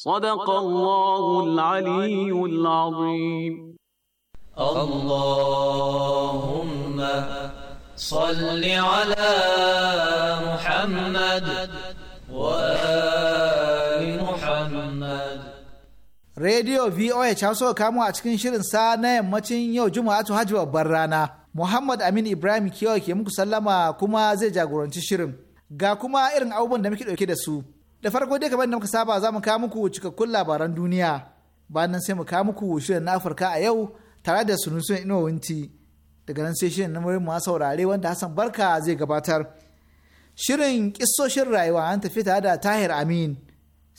صدق الله العلي العظيم اللهم صل على محمد وآل محمد Radio VOH Hausa kamo a cikin shirin sa na yammacin yau Juma'a to Hajji babbar rana. Muhammad Amin Ibrahim kewa ke muku sallama kuma zai jagoranci shirin. Ga kuma irin abubuwan da muke ɗauke da su. da farko dai kamar da muka saba za mu kawo muku cikakkun labaran duniya bayan sai mu kawo muku shirin na afirka a yau tare da sunusun inowinti daga nan sai shirin na murin mu saurare wanda hassan barka zai gabatar shirin kissoshin rayuwa an tafi tare da tahir amin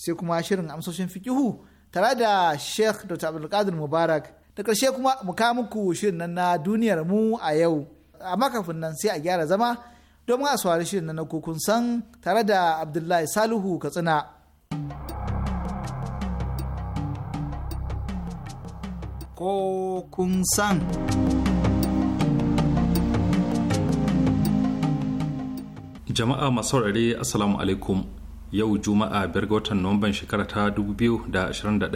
sai kuma shirin amsoshin fikihu tare da sheikh dr abdulkadir mubarak da ƙarshe kuma mu kawo muku shirin na duniyar mu a yau amma kafin nan sai a gyara zama domin a saurari shirin na kukun san tare da Abdullahi Salihu Katsina. Kokun san. Jama'a masu saurare Assalamu alaikum yau Juma'a biyar ga watan Nuwamban shekara ta 2021. da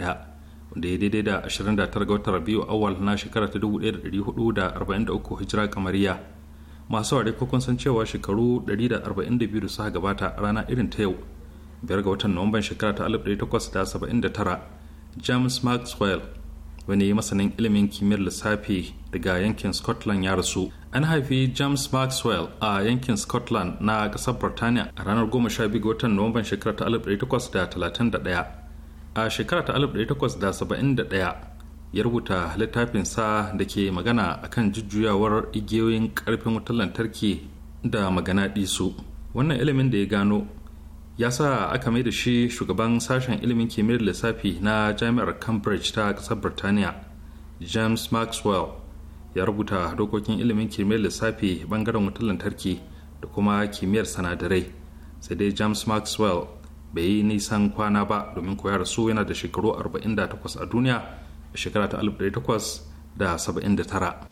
daidai da 29 ga watan rabiu awal na shekara ta 1443 hijira kamariya masu ware kokon san cewa shekaru 142 da suka gabata a rana irin ta yau biyar ga watan nuwamban shekara ta 1879 james maxwell wani masanin ilimin kimiyyar lissafi daga yankin scotland ya rasu an haifi james maxwell a yankin scotland na kasar birtaniya a ranar 12 ga watan nuwamban shekara ta 1831 a shekara ta 1871 ya rubuta littafin sa da ke magana a kan jujjuyawar igiyoyin karfin wutar lantarki da magana ɗisu wannan ilimin da ya gano ya sa aka mai da shi shugaban sashen ilimin kimiyyar lissafi na jami'ar cambridge ta ƙasar birtaniya james maxwell ya rubuta dokokin ilimin kimiyyar lissafi bangaren wutar lantarki da kuma kimiyyar sanadarai sai dai james maxwell bai yi nisan kwana ba domin koyar su yana da shekaru 48 a duniya a shekara ta 1879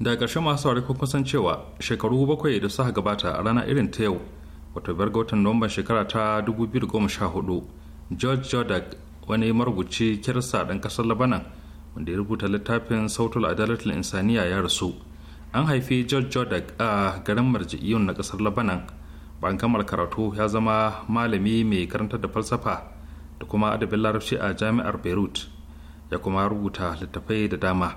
da ƙarshe masu saurari kun san cewa shekaru bakwai da suka gabata a rana irin ta yau wato biyar ga watan nuwamban shekara ta 2014 george jordan wani marubuci kirsa ɗan ƙasar labanan wanda ya rubuta littafin sautul adalatul insaniya ya rasu an haifi george jordan a garin marji'iyun na ƙasar labanan bayan kammala karatu ya zama malami mai karantar da falsafa da kuma adabin larabci a jami'ar beirut ya kuma rubuta littattafai da dama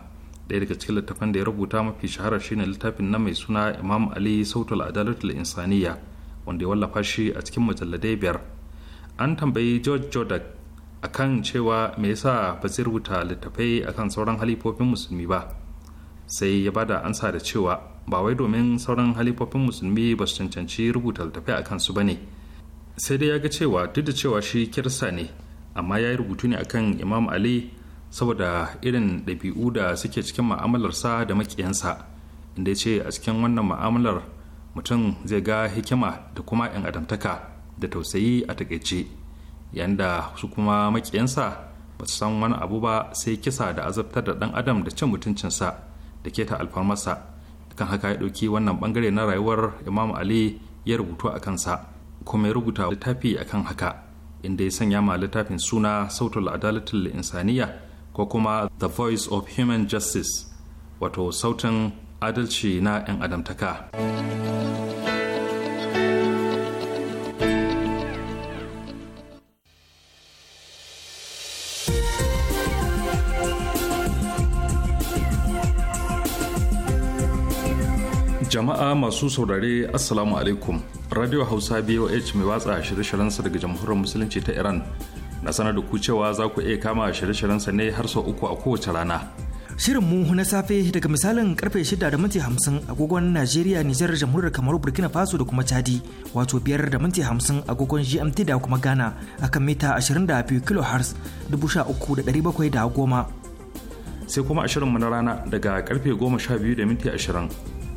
ɗaya daga cikin littattafan da ya rubuta mafi shahara shine littafin na mai suna imam ali sautul adalatul insaniya wanda ya wallafa shi a cikin mujalladai biyar an tambayi george jordan akan cewa me yasa ba zai rubuta littattafai akan sauran halifofin musulmi ba sai ya bada ansa da cewa ba wai domin sauran halifofin musulmi ba su cancanci rubuta littattafai akan su ba ne sai dai ya ga cewa duk da cewa shi kirsa ne amma ya yi rubutu ne akan imam ali saboda irin ɗabi'u da suke cikin ma'amalarsa da maƙiyansa inda ya ce a cikin wannan ma'amalar mutum zai ga hikima da kuma 'yan adamtaka da tausayi a takaice yayin da su kuma maƙiyansa ba su san wani abu ba sai kisa da azabtar da ɗan adam da cin mutuncinsa da keta alfarmarsa kan haka ya ɗauki wannan bangare na rayuwar imam ali ya rubutu a kansa kuma ya rubuta littafi akan haka inda ya sanya ma littafin suna sautul adalatul insaniya ko kuma the voice of human justice wato sautin adalci na 'yan adamtaka. jama'a masu saurare assalamu alaikum radio hausa boh mai watsa shirye sa daga jamhuriyar musulunci ta iran na sanar da ku cewa za ku iya kama shirye sa ne har sau uku a kowace rana shirin mu na safe daga misalin karfe 6 da minti 50 agogon najeriya nijar jamhuriyar kamaru burkina faso da kuma chadi wato 5 da minti 50 agogon gmt da kuma ghana akan mita 22 kilohertz 13710 sai kuma ashirin mu na rana daga karfe biyu da minti ashirin.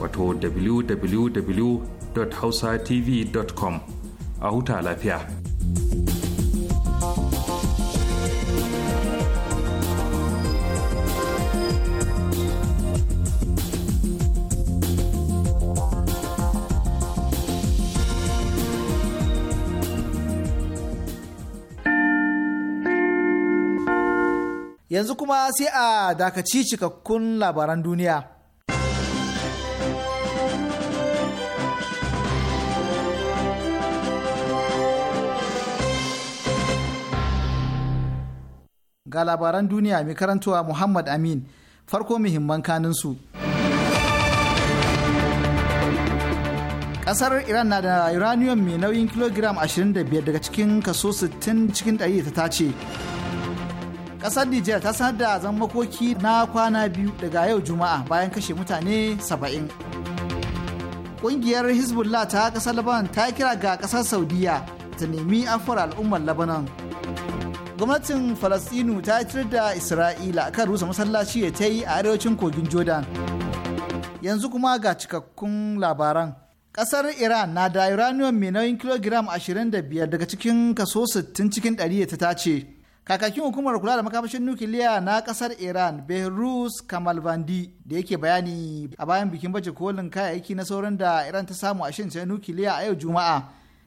wato www.hausatv.com a huta lafiya. Yanzu kuma sai a dakaci cikakkun labaran duniya. ga labaran duniya mai karantowa Muhammad Amin farko muhimman su. Ƙasar Iran na da uranium mai nauyin kilogiram 25 daga cikin kaso 60 cikin 100 ta tace. Ƙasar Nijar ta sanar da zan makoki na kwana biyu daga yau Juma'a bayan kashe mutane 70. Ƙungiyar Hezbollah ta kasar Lebanon ta kira ga ƙasar Saudiya ta nemi afuwar al'ummar Lebanon. gwamnatin falastinu ta yi da isra'ila kan rusa masallaci ya ta yi a arewacin kogin jordan yanzu kuma ga cikakkun labaran kasar iran na da uranium mai nauyin kilogiram 25 daga cikin kaso 60 cikin 100 ta tace kakakin hukumar kula da makamashin nukiliya na kasar iran behrus kamalvandi da yake bayani a bayan bikin baje kolin kayayyaki na saurin da iran ta samu a shirin nukiliya a yau juma'a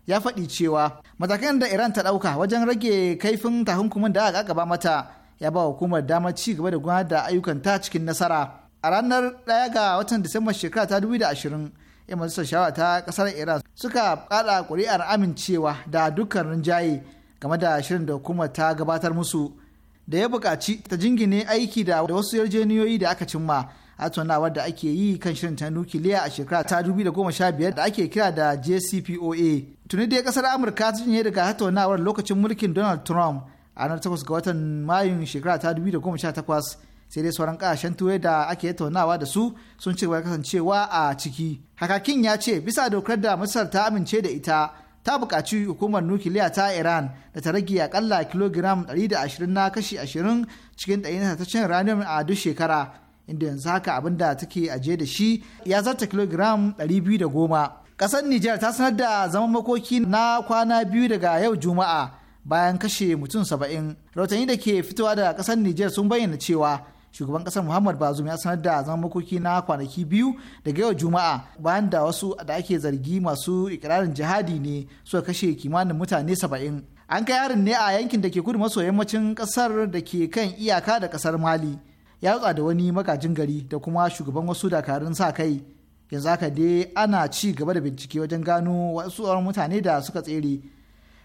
ya faɗi cewa matakan da Iran ta ɗauka wajen rage kaifin takunkumin da aka gaba mata ya ba hukumar damar ci gaba da gudanar da ayyukan ta cikin nasara. A ranar ɗaya ga watan Disamba shekara ta 2020, ‘yan majalisar shawara ta ƙasar Iran suka kada ƙuri'ar amincewa da dukkan rinjaye game da shirin da hukumar ta gabatar musu da ya buƙaci ta jingine aiki da wasu yarjejeniyoyi da aka cimma a da ake yi kan shirin ta nukiliya a shekara ta 2015 da ake kira da JCPOA. Tuni dai kasar Amurka ta jinye daga tattaunawar lokacin mulkin Donald Trump a ranar 8 ga watan Mayun shekara ta 2018 sai dai sauran kasashen turai da ake tattaunawa da su sun ci gaba kasancewa a ciki. Hakakin ya ce bisa dokar da Masar ta amince da ita ta buƙaci hukumar nukiliya ta Iran da ta rage akalla kilogiram 120 na kashi 20 cikin ɗari na cin uranium a duk shekara. inda yanzu haka abin da take aje da shi ya zarta kilogiram 210 ƙasar Nijar ta sanar da zaman makoki na kwana biyu daga yau juma'a bayan kashe mutum saba'in rahotanni da ke fitowa da kasar Nijar sun bayyana cewa shugaban ƙasar Muhammad Bazoum ya sanar da zaman makoki na kwanaki biyu daga yau juma'a bayan da wasu da ake zargi masu ikirarin jihadi ne suka kashe kimanin mutane saba'in an kai yarin ne a yankin da ke kudu maso yammacin kasar da ke kan iyaka da kasar mali ya rutsa da wani magajin gari da kuma shugaban wasu dakarun sa kai yanzu haka dai ana ci gaba da bincike wajen gano wasu sauran mutane da suka tsere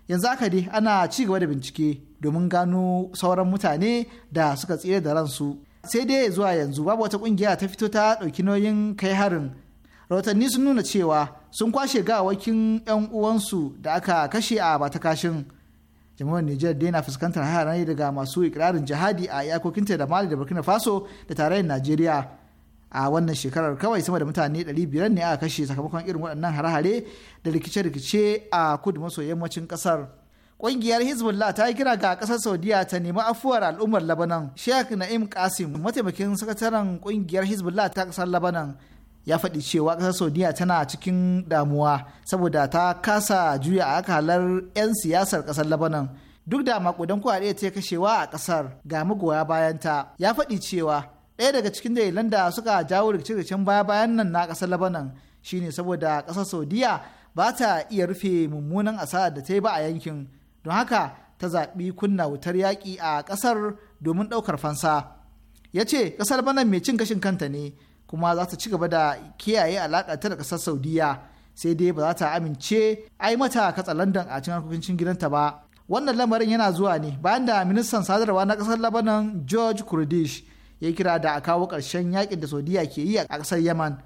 yanzu haka dai ana ci gaba da bincike domin gano sauran mutane da suka tsere da ransu sai dai zuwa yanzu babu wata kungiya ta fito ta ɗauki nauyin kai harin rahotanni sun nuna cewa sun kwashe gawakin 'yan uwansu da aka kashe a batakashin jamhuriyar niger dai na fuskantar hare daga masu ikirarin jihadi a iyakokinta da mali da burkina faso da tarayyar najeriya a wannan shekarar kawai sama da mutane 500 ne aka kashe sakamakon irin waɗannan hare da rikice-rikice a kudu maso yammacin kasar. Ƙungiyar Hezbollah ta yi kira ga ƙasar Saudiya ta nemi afuwar al'ummar Labanan. Sheikh Na'im Qasim, mataimakin sakataren ƙungiyar Hezbollah ta ƙasar Labanan, ya faɗi cewa ƙasar saudiya tana cikin damuwa saboda ta kasa juya a akalar 'yan siyasar ƙasar labanan duk da makudan kuɗaɗe ta kashewa a ƙasar ga magoya bayanta ya faɗi cewa ɗaya daga cikin dalilan da suka jawo rikice-rikicen baya-bayan nan na ƙasar labanan shine saboda ƙasar saudiya ba ta iya rufe mummunan asarar da ta yi ba a yankin don haka ta zaɓi kunna wutar yaƙi a ƙasar domin ɗaukar fansa ya ce ƙasar labanan mai cin gashin kanta ne kuma za ta ci gaba da kiyaye alaƙa ta da ƙasar saudiya sai dai ba za ta amince a yi mata katsalandan a cikin harkokin gidanta ba wannan lamarin yana zuwa ne bayan da ministan sadarwa na ƙasar labanan george kurdish ya kira da a kawo ƙarshen yakin da saudiya ke yi a ƙasar yaman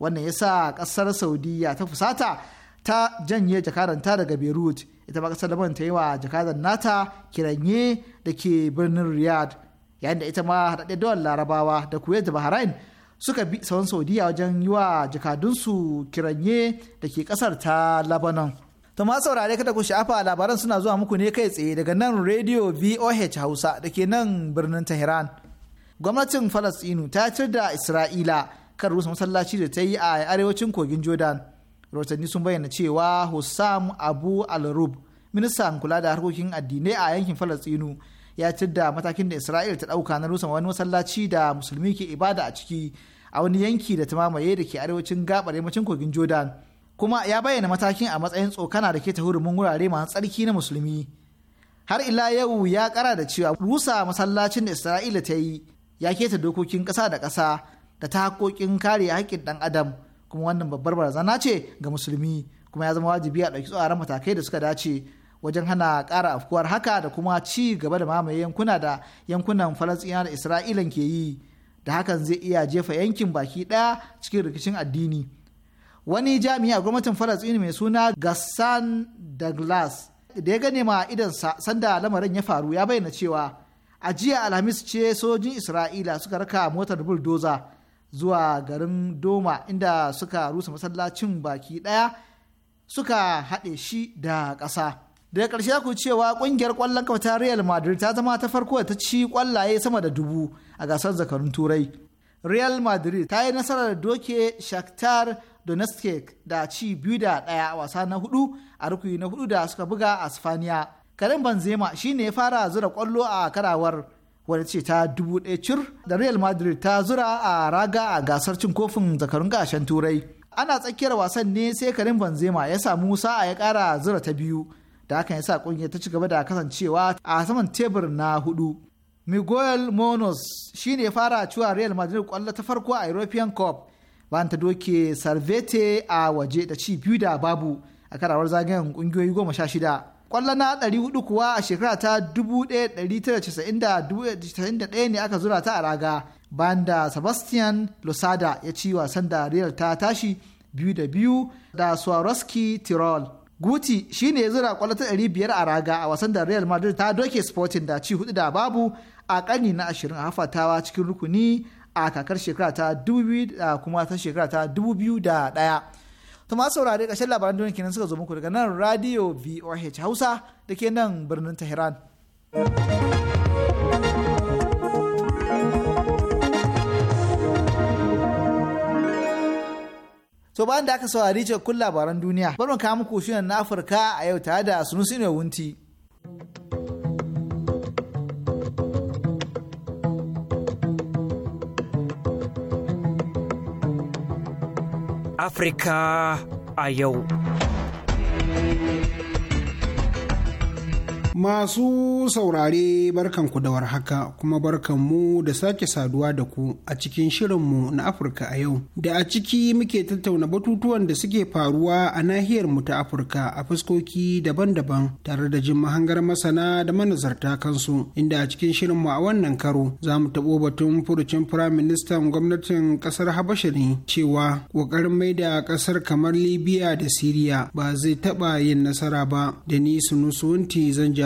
wannan ya sa ƙasar saudiya ta fusata ta janye jakaranta daga beirut ita ba ƙasar labanan ta yi wa jakaran nata kiranye da ke birnin riyadh yayin da ita ma haɗaɗɗen dawar larabawa da kuwait da bahrain suka bi sauran saudiya wajen yi wa jakadunsu kiranye da ke kasar ta labanon to ma saurare kada ku sha'afa labaran suna zuwa muku ne kai tsaye daga nan radio voh hausa da ke nan birnin tehran gwamnatin falastinu ta cir da isra'ila kan rusa masallaci da ta yi a arewacin kogin jordan rahotanni sun bayyana cewa hussam abu al-rub ministan kula da harkokin addinai a yankin falastinu ya da matakin da isra'il ta ɗauka na rusa wani masallaci da musulmi ke ibada a ciki a wani yanki da ta mamaye da ke arewacin gabar yammacin kogin jordan kuma ya bayyana matakin a matsayin tsokana da ke ta hurumin wurare masu tsarki na musulmi har ila yau ya kara da cewa rusa masallacin da isra'ila ta yi ya keta dokokin kasa da kasa da ta haƙoƙin kare haƙƙin ɗan adam kuma wannan babbar barazana ce ga musulmi kuma ya zama wajibi a ɗauki tsoron matakai da suka dace wajen hana ƙara afkuwar haka da kuma ci gaba da mamaye yankuna da yankunan falasɗina da isra'ilan ke yi da hakan zai iya jefa yankin baki ɗaya cikin rikicin addini wani jami'i a gwamnatin Falasɗina mai suna gassan douglas da ya gane ma idan sanda lamarin ya faru ya bayyana cewa a jiya alhamis ce sojin isra'ila suka raka motar buldoza zuwa garin doma inda suka rusa masallacin baki ɗaya suka haɗe shi da ƙasa. daga ƙarshe ku cewa ƙungiyar ƙwallon kafa ta real madrid ta zama ta farko da ta ci ƙwallaye sama da dubu a gasar zakarun turai real madrid ta yi nasarar doke shakhtar donetsk da ci biyu da ɗaya a wasa na hudu a rukuni na hudu da suka buga a sifaniya, karim benzema shine ya fara zura ƙwallo a karawar wadda ce ta dubu ɗaya cir da real madrid ta zura a raga a gasar cin kofin zakarun gashen turai ana tsakiyar wasan ne sai karim benzema ya samu sa'a ya ƙara zura ta biyu da hakan sa kungiyar ta ci gaba da kasancewa a saman tebur na hudu miguel monos shi ne fara cewa real madrid kwallo ta farko a european cup bayan ta doke sarvete a waje da ci biyu da babu a karawar zagayen kungiyoyi goma sha shida kwallo na ɗari hudu kuwa a shekara ta dubu ɗaya ne aka zura ta a raga bayan da sebastian losada ya ci wasan da real ta tashi biyu da biyu da swarovski tirol Guti shine ya zura kwallo ta 500 a raga a wasan da Real Madrid ta doke Sporting da ci hudu da babu a kani na 20 a hafatawa cikin rukuni a kakar shekara ta 2000 kuma ta shekara ta 2001. To ma saurare ƙarshen labaran duniya kenan suka zo muku daga nan Radio VOH Hausa da ke nan birnin Tehran. To bayan da aka saurari kun labaran duniya, bari mu kawo muku shirin na Afirka a yau tare da Sunusi Wunti. Afirka a yau. Masu saurare barkanku da warhaka kuma barkanmu da sake saduwa da ku a cikin shirinmu na Afirka a yau. Da a ciki muke tattauna batutuwan da suke faruwa a nahiyar mu ta Afirka a fuskoki daban-daban tare da jin mahangar masana da manazarta kansu inda a cikin shirinmu a wannan karo za mu taɓo batun furucin Firaministan gwamnatin ƙasar Habasha ne cewa ƙoƙarin mai da ƙasar kamar Libya da Siriya ba zai taɓa yin nasara ba da ni wunti zan ja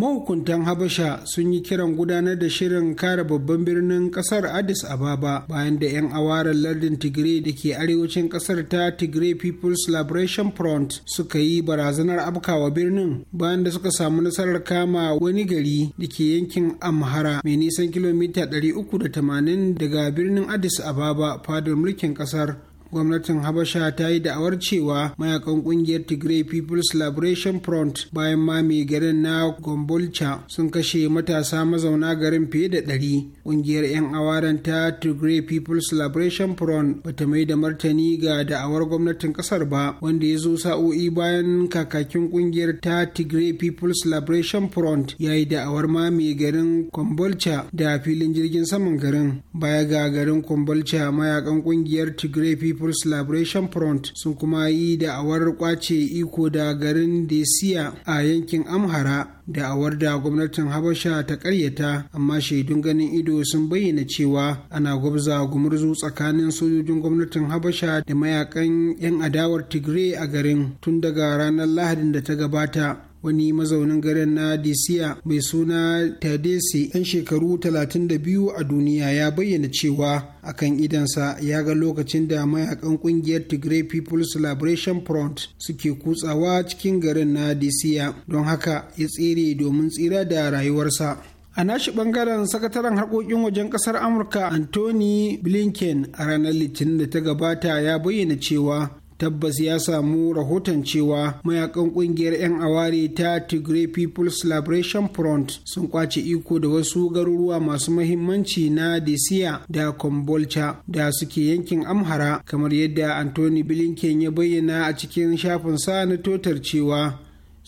mahukuntan habasha sun yi kiran gudanar da shirin kare babban birnin kasar addis ababa bayan da 'yan awarar lardin tigray da ke arewacin kasar ta tigray people's liberation front suka yi barazanar afkawa birnin bayan da suka samu nasarar kama wani gari da ke yankin amhara mai nisan kilomita 380 daga birnin addis ababa fadar mulkin kasar gwamnatin habasha ta yi da'awar cewa mayakan kungiyar tigray people's liberation front bayan mame garin na gombolcha sun kashe matasa mazauna garin fiye da ɗari kungiyar 'yan awaren ta tigray people's liberation front bata mai da martani ga da'awar gwamnatin kasar ba wanda ya zo sa'o'i bayan kakakin kungiyar ta tigray people's liberation front ya yi da'awar mame garin gombolcha da filin jirgin saman garin baya ga garin gombolcha mayakan kungiyar tigray people's people's liberation front sun kuma yi da awar kwace iko da garin desiya a yankin amhara da awar da gwamnatin habasha ta karyata amma shaidun ganin ido sun bayyana cewa ana gwabza gumurzu tsakanin sojojin gwamnatin habasha da mayakan 'yan adawar tigray a garin tun daga ranar lahadin da ta gabata wani mazaunin garin na disiya mai suna tadesi 'yan shekaru 32 a duniya ya bayyana cewa akan idansa ya ga lokacin da mayakan kungiyar Tigray People's Liberation Front suke kutsawa cikin garin na disiya don haka ya tsere domin tsira da rayuwarsa a nashi bangaren sakataren harkokin wajen kasar amurka anthony blinken a ranar litinin da ta gabata ya bayyana cewa tabbas ya samu rahoton cewa mayakan kungiyar 'yan aware ta tigray people's liberation front sun kwace iko da wasu garuruwa masu mahimmanci na desiya da kombolcha da suke yankin amhara kamar yadda anthony blinken ya bayyana a cikin shafinsa na totar cewa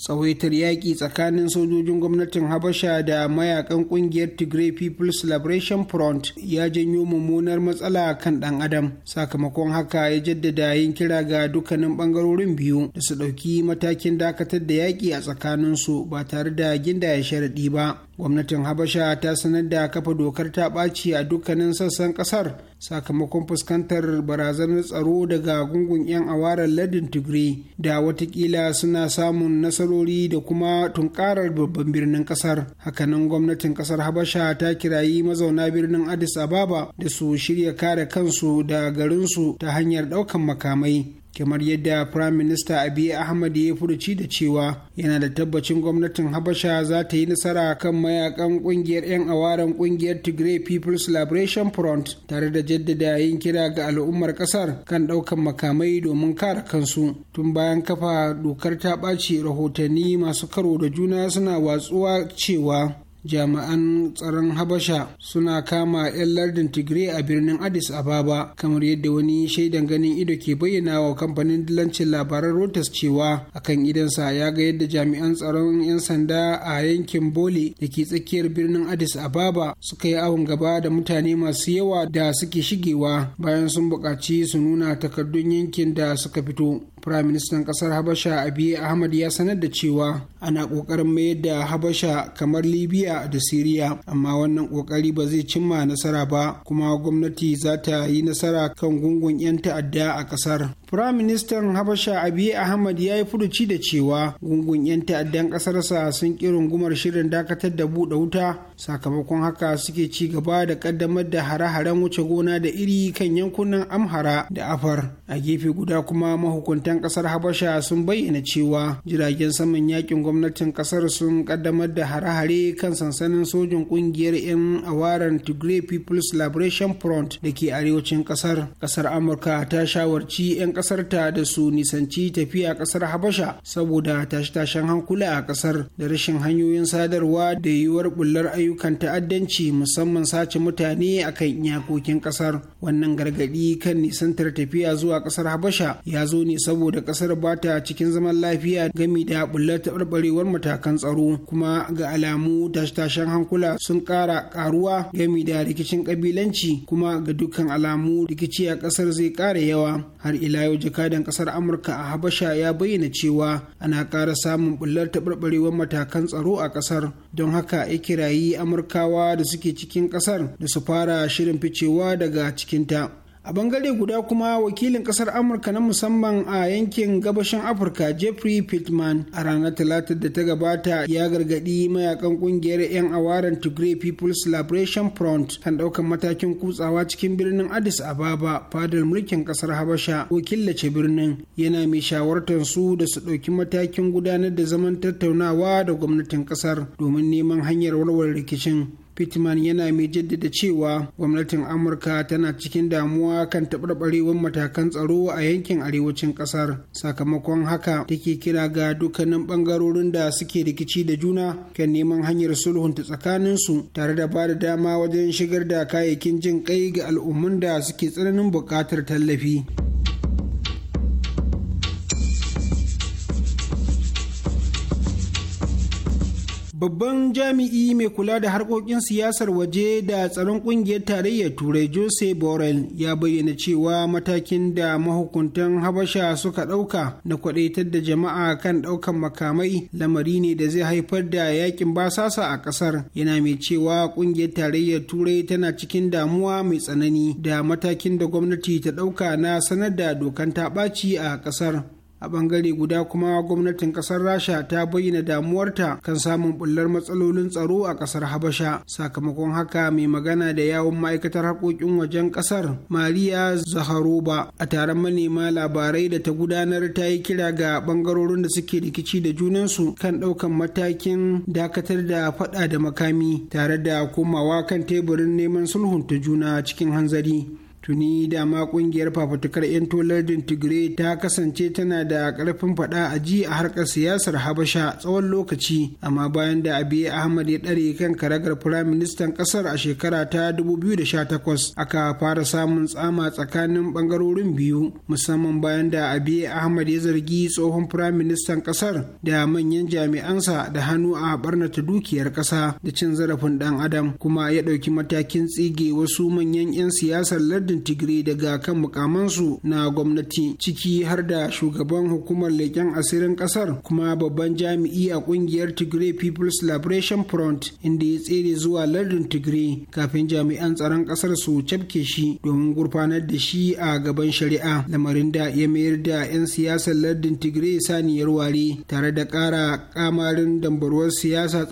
tsawaitar yaƙi tsakanin sojojin gwamnatin habasha da mayakan ƙungiyar tigray people's liberation front ya janyo mummunar matsala kan ɗan adam sakamakon haka ya jaddada yin kira ga dukkanin ɓangarorin biyu da su ɗauki matakin dakatar da yaƙi a tsakaninsu ba tare da ginda ya sharaɗi ba gwamnatin habasha ta sanar da kafa dokar ta ɓaci a dukkanin sassan ƙasar sakamakon fuskantar barazanar tsaro daga gungun 'yan awarar ladin tigray da watakila suna samun nasarar nasarori da kuma tunkarar babban birnin kasar hakanan gwamnatin kasar habasha ta kirayi mazauna birnin addis ababa da su shirya kare kansu da garinsu ta hanyar ɗaukan makamai kamar yadda prime minister abiy ahmad ya furuci da cewa yana da tabbacin gwamnatin habasha za ta yi nasara kan mayakan kungiyar 'yan awaren kungiyar tigray people's liberation front tare da jaddada yin kira ga al'ummar kasar kan daukan makamai domin kare kansu tun bayan kafa dokar ta ɓaci rahotanni masu karo da juna suna watsuwa cewa jami'an tsaron habasha suna kama 'yan lardin tigray a birnin addis ababa kamar yadda wani shaidan ganin ido ke bayyana wa kamfanin dillancin labaran reuters cewa akan idansa ya ga yadda jami'an tsaron 'yan sanda a yankin bole da ke tsakiyar birnin addis ababa suka yi awon gaba da mutane masu yawa da suke shigewa bayan sun buƙaci su nuna takardun yankin da suka fito Firaministan ƙasar Habasha Abiy Ahmad ya sanar da cewa ana ƙoƙarin mayar da habasha kamar libya da siriya amma wannan ƙoƙari ba zai cimma nasara ba kuma gwamnati za ta yi nasara kan gungun 'yan ta'adda a ƙasar Firaministan Habasha Abiy Ahmad ya yi furuci da cewa gungun 'yan ta'addan ƙasarsa sun ƙi rungumar shirin dakatar da buɗe wuta sakamakon haka suke ci gaba da ƙaddamar da hare-haren wuce gona da iri kan yankunan Amhara da Afar. A gefe guda kuma mahukuntan ƙasar Habasha sun bayyana cewa jiragen saman yakin gwamnatin ƙasar sun ƙaddamar da hare-hare kan sansanin sojin ƙungiyar 'yan awaran Tigray People's Liberation Front da ke arewacin ƙasar. Ƙasar Amurka ta shawarci 'yan ƙasarta da su nisanci tafiya kasar habasha saboda tashe-tashen hankula a kasar da rashin hanyoyin sadarwa da yiwuwar bullar ayyukan ta'addanci musamman sace mutane a kan iyakokin kasar wannan gargaɗi kan nisantar tafiya zuwa kasar habasha ya zo ne saboda kasar ba ta cikin zaman lafiya gami da bullar taɓarɓarewar matakan tsaro kuma ga alamu tashe-tashen hankula sun ƙara ƙaruwa gami da rikicin ƙabilanci kuma ga dukkan alamu rikici a kasar zai ƙara yawa har ila yau jakadan kasar amurka a habasha ya bayyana cewa ana ƙara samun bullar taɓarɓarewar matakan tsaro a ƙasar don haka ya kirayi amurkawa da suke cikin ƙasar da su fara shirin ficewa daga cikinta a bangare guda kuma wakilin kasar amurka na musamman a yankin gabashin afirka jeffrey pittman a ranar talata da ta gabata ya gargadi mayakan kungiyar 'yan awaren tigray people's liberation front kan daukan matakin kutsawa cikin birnin addis ababa fadar mulkin kasar habasha ko birnin yana mai shawartar su da su ɗauki matakin gudanar da zaman tattaunawa da gwamnatin kasar domin neman hanyar warware rikicin pittman yana mai jaddada cewa gwamnatin amurka tana cikin damuwa kan taɓarɓarewar matakan tsaro a yankin arewacin ƙasar sakamakon haka take kira ga dukkanin ɓangarorin da suke rikici da juna kan neman hanyar sulhunta tsakaninsu tare da ba da dama wajen shigar da kayayyakin jin kai ga al'ummun da suke tsananin buƙatar tallafi. Babban jami'i mai kula da harkokin siyasar waje da tsaron kungiyar tarayyar Turai Jose Borrell ya bayyana cewa matakin da mahukuntan Habasha suka ɗauka na kwadaitar da jama'a kan ɗaukan makamai lamari ne da zai haifar da yakin basasa a ƙasar. Yana mai cewa kungiyar tarayyar Turai tana cikin damuwa mai tsanani da matakin da gwamnati ta ɗauka na sanar da dokan ta ɓaci a ƙasar. a ɓangare guda kuma gwamnatin ƙasar rasha ta bayyana damuwarta kan samun bullar matsalolin tsaro a ƙasar habasha sakamakon haka mai magana da yawon ma'aikatar haƙoƙin wajen ƙasar mariya zaharoba a taron manema labarai da ta gudanar ta yi kira ga bangarorin da suke rikici da junansu kan ɗaukan matakin dakatar da faɗa da makami tare da komawa kan teburin neman sulhunta juna cikin hanzari tuni da ma kungiyar fafutukar 'yan tolardin tigray ta kasance tana da karfin fada a ji a harkar siyasar habasha tsawon lokaci amma bayan da abiy ahmad ya dare kan karagar firaministan kasar a shekara ta 2018 aka fara samun tsama tsakanin bangarorin biyu musamman bayan da abiy ahmad ya zargi tsohon firaministan kasar da manyan jami'ansa da hannu a barnata dukiyar kasa da cin zarafin dan adam kuma ya dauki matakin tsige wasu manyan 'yan siyasar lardin lardin tigiri daga kan mukamansu na gwamnati ciki har da shugaban hukumar leƙen asirin kasar kuma babban jami'i a kungiyar tigray people's liberation front inda ya tsere zuwa lardin tigray kafin jami'an tsaron kasar su cafke shi domin gurfanar da shi a gaban shari'a lamarin da ya mayar da 'yan siyasar lardin tigray saniyar ware tare da ƙara kamarin dambarwar siyasa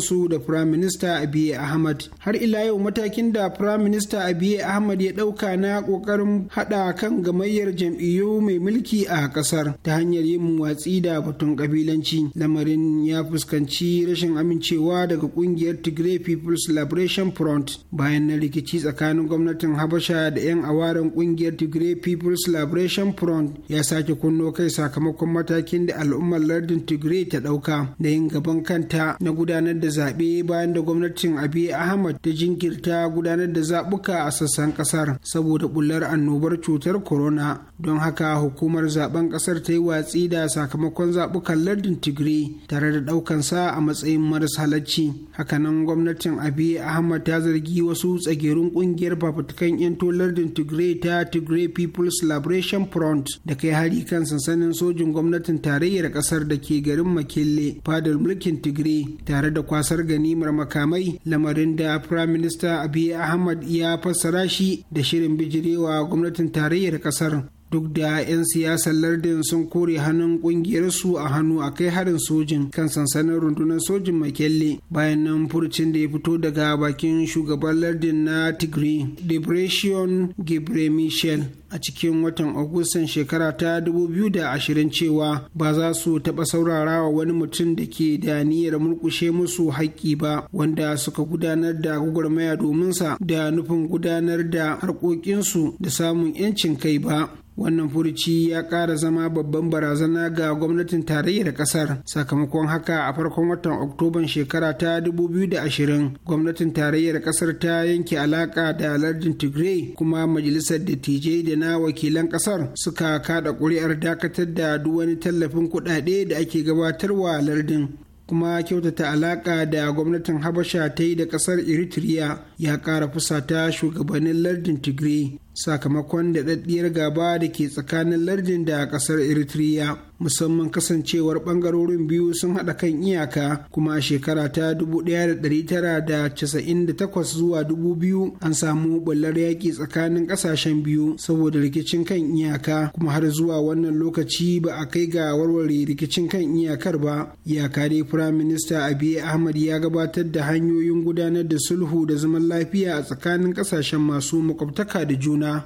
su da firaminista abiy ahmad har ila yau matakin da firaminista abiy ahmad ya ɗauka ayyuka na ƙoƙarin haɗa kan gamayyar jam'iyyu mai mulki a ƙasar ta hanyar yin watsi da batun ƙabilanci lamarin ya fuskanci rashin amincewa daga ƙungiyar Tigray People's Liberation Front bayan na rikici tsakanin gwamnatin Habasha da 'yan awaren ƙungiyar Tigray People's Liberation Front ya sake kunno kai sakamakon matakin da al'ummar lardin Tigray ta ɗauka da yin gaban kanta na gudanar da zaɓe bayan da gwamnatin Abiy Ahmad ta jinkirta gudanar da zaɓuka a sassan ƙasar saboda bullar annobar cutar corona don haka hukumar zaben kasar ta yi watsi da sakamakon zabukan lardin tigray tare da daukansa a matsayin maras halacci hakanan gwamnatin abi ahmad ta zargi wasu tsagerun kungiyar fafutukan yanto lardin tigray ta tigray people's liberation front da kai hari kan sansanin sojin gwamnatin tarayyar kasar da ke garin makille fadar mulkin tigray tare da kwasar ganimar makamai lamarin da prime minister abi ahmad ya fassara shi da shi. shirin bijirewa gwamnatin tarayyar kasar duk da 'yan siyasar lardin sun kore hannun kungiyarsu a hannu a kai harin sojin kan sansanin rundunar sojin makelle bayan nan furcin da ya fito daga bakin shugaban lardin na tigray debration gebre michel a cikin watan agustan shekara ta 2020 cewa ba za su taɓa wa wani mutum da ke da niyyar murkushe musu haƙƙi ba wanda suka gudanar da domin dominsa da nufin gudanar da harkokinsu da samun 'yancin kai ba wannan furuci ya ƙara zama babban barazana ga gwamnatin tarayyar ƙasar sakamakon haka a farkon watan oktoban shekara ta 2020 gwamnatin tarayyar ƙasar ta yanke alaƙa da lardin tigray kuma majalisar dattijai da na wakilan ƙasar suka kada ƙuri'ar dakatar da duk wani tallafin kuɗaɗe da ake gabatarwa lardin kuma kyautata alaƙa da gwamnatin habasha ta yi da ƙasar eritrea ya kara fusata shugabannin lardin tigray sakamakon da daɗaɗɗiyar gaba da ke tsakanin lardin da ƙasar eritrea musamman kasancewar ɓangarorin biyu sun haɗa kan iyaka kuma a shekara ta 1998 zuwa 2000 an samu bullar yaƙi tsakanin ƙasashen biyu saboda rikicin kan iyaka kuma har zuwa wannan lokaci ba a kai ga warware rikicin kan iyakar ba iyaka dai firayim minista abiy ahmad ya gabatar da hanyoyin gudanar da sulhu da zaman lafiya a tsakanin ƙasashen masu makwabtaka da juna juna.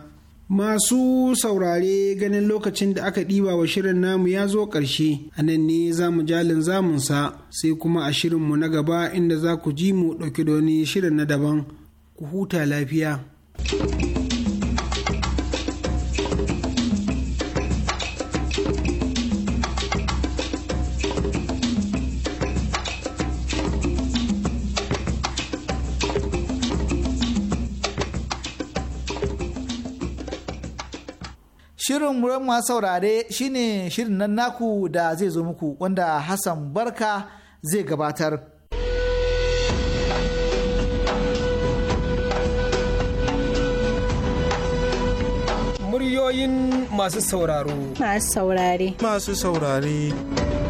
Masu saurare ganin lokacin da aka ɗiba wa shirin namu ya zo ƙarshe, a nan ne za mu jalin zamunsa sai kuma a shirinmu na gaba inda za ku ji mu ɗauki da wani shirin na daban, ku huta lafiya. Shirin wurin masu saurare shine shirin nan naku da zai zo muku wanda Hassan Barka zai gabatar. Muryoyin masu sauraro. Masu saurare. Masu saurare.